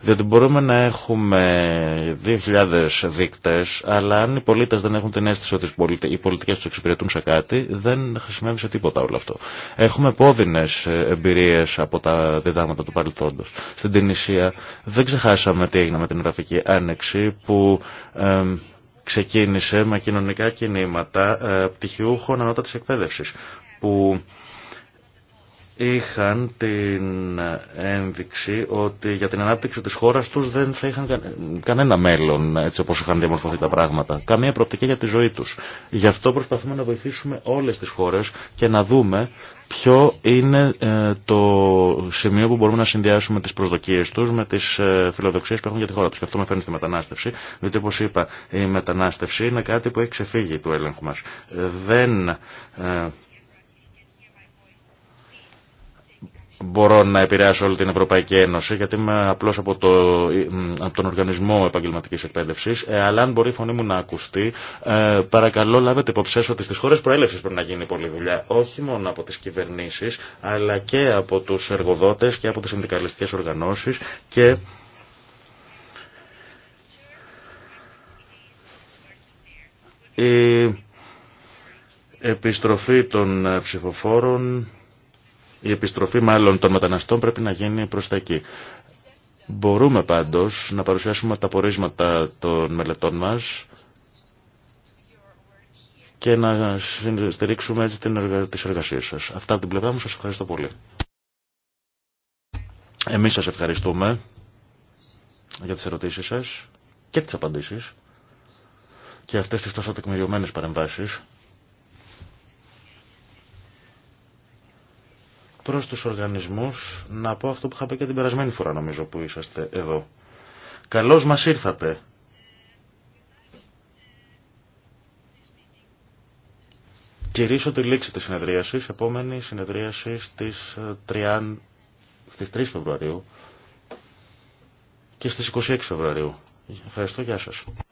Διότι μπορούμε να έχουμε 2.000 δείκτες, αλλά αν οι πολίτες δεν έχουν την αίσθηση ότι οι πολιτικές τους εξυπηρετούν σε κάτι, δεν χρησιμεύει σε τίποτα όλο αυτό. Έχουμε πόδινες εμπειρίες από τα διδάγματα του παρελθόντος. Στην Τινησία δεν ξεχάσαμε τι έγινε με την γραφική άνοιξη που... Ε, ξεκίνησε με κοινωνικά κινήματα ε, πτυχιούχων ανώτατης εκπαίδευσης που είχαν την ένδειξη ότι για την ανάπτυξη της χώρας τους δεν θα είχαν κανένα μέλλον έτσι όπως είχαν διαμορφωθεί τα πράγματα. Καμία προοπτική για τη ζωή τους. Γι' αυτό προσπαθούμε να βοηθήσουμε όλες τις χώρες και να δούμε ποιο είναι ε, το σημείο που μπορούμε να συνδυάσουμε τις προσδοκίες τους με τις ε, φιλοδοξίες που έχουν για τη χώρα τους. Και αυτό με φέρνει στη μετανάστευση, διότι όπως είπα η μετανάστευση είναι κάτι που έχει ξεφύγει του έλεγχου μας. Ε, δεν ε, μπορώ να επηρεάσω όλη την Ευρωπαϊκή Ένωση, γιατί είμαι απλώς από, το, από τον Οργανισμό Επαγγελματικής Εκπαίδευσης, ε, αλλά αν μπορεί η φωνή μου να ακουστεί, ε, παρακαλώ λάβετε υπόψη ότι στις χώρες προέλευσης πρέπει να γίνει πολλή δουλειά, όχι μόνο από τις κυβερνήσεις, αλλά και από τους εργοδότες και από τις συνδικαλιστικές οργανώσεις και η επιστροφή των ψηφοφόρων η επιστροφή μάλλον των μεταναστών πρέπει να γίνει προς τα εκεί. Μπορούμε πάντως να παρουσιάσουμε τα πορίσματα των μελετών μας και να στηρίξουμε έτσι τις εργασίες σας. Αυτά από την πλευρά μου σας ευχαριστώ πολύ. Εμείς σας ευχαριστούμε για τις ερωτήσεις σας και τις απαντήσεις και αυτές τις τόσο τεκμηριωμένες παρεμβάσεις. προς τους οργανισμούς να πω αυτό που είχα πει και την περασμένη φορά νομίζω που είσαστε εδώ. Καλώς μας ήρθατε. Κυρίσω τη λήξη της συνεδρίασης, επόμενη συνεδρίαση στις 3, ε, 3 Φεβρουαρίου και στις 26 Φεβρουαρίου. Ευχαριστώ, γεια σας.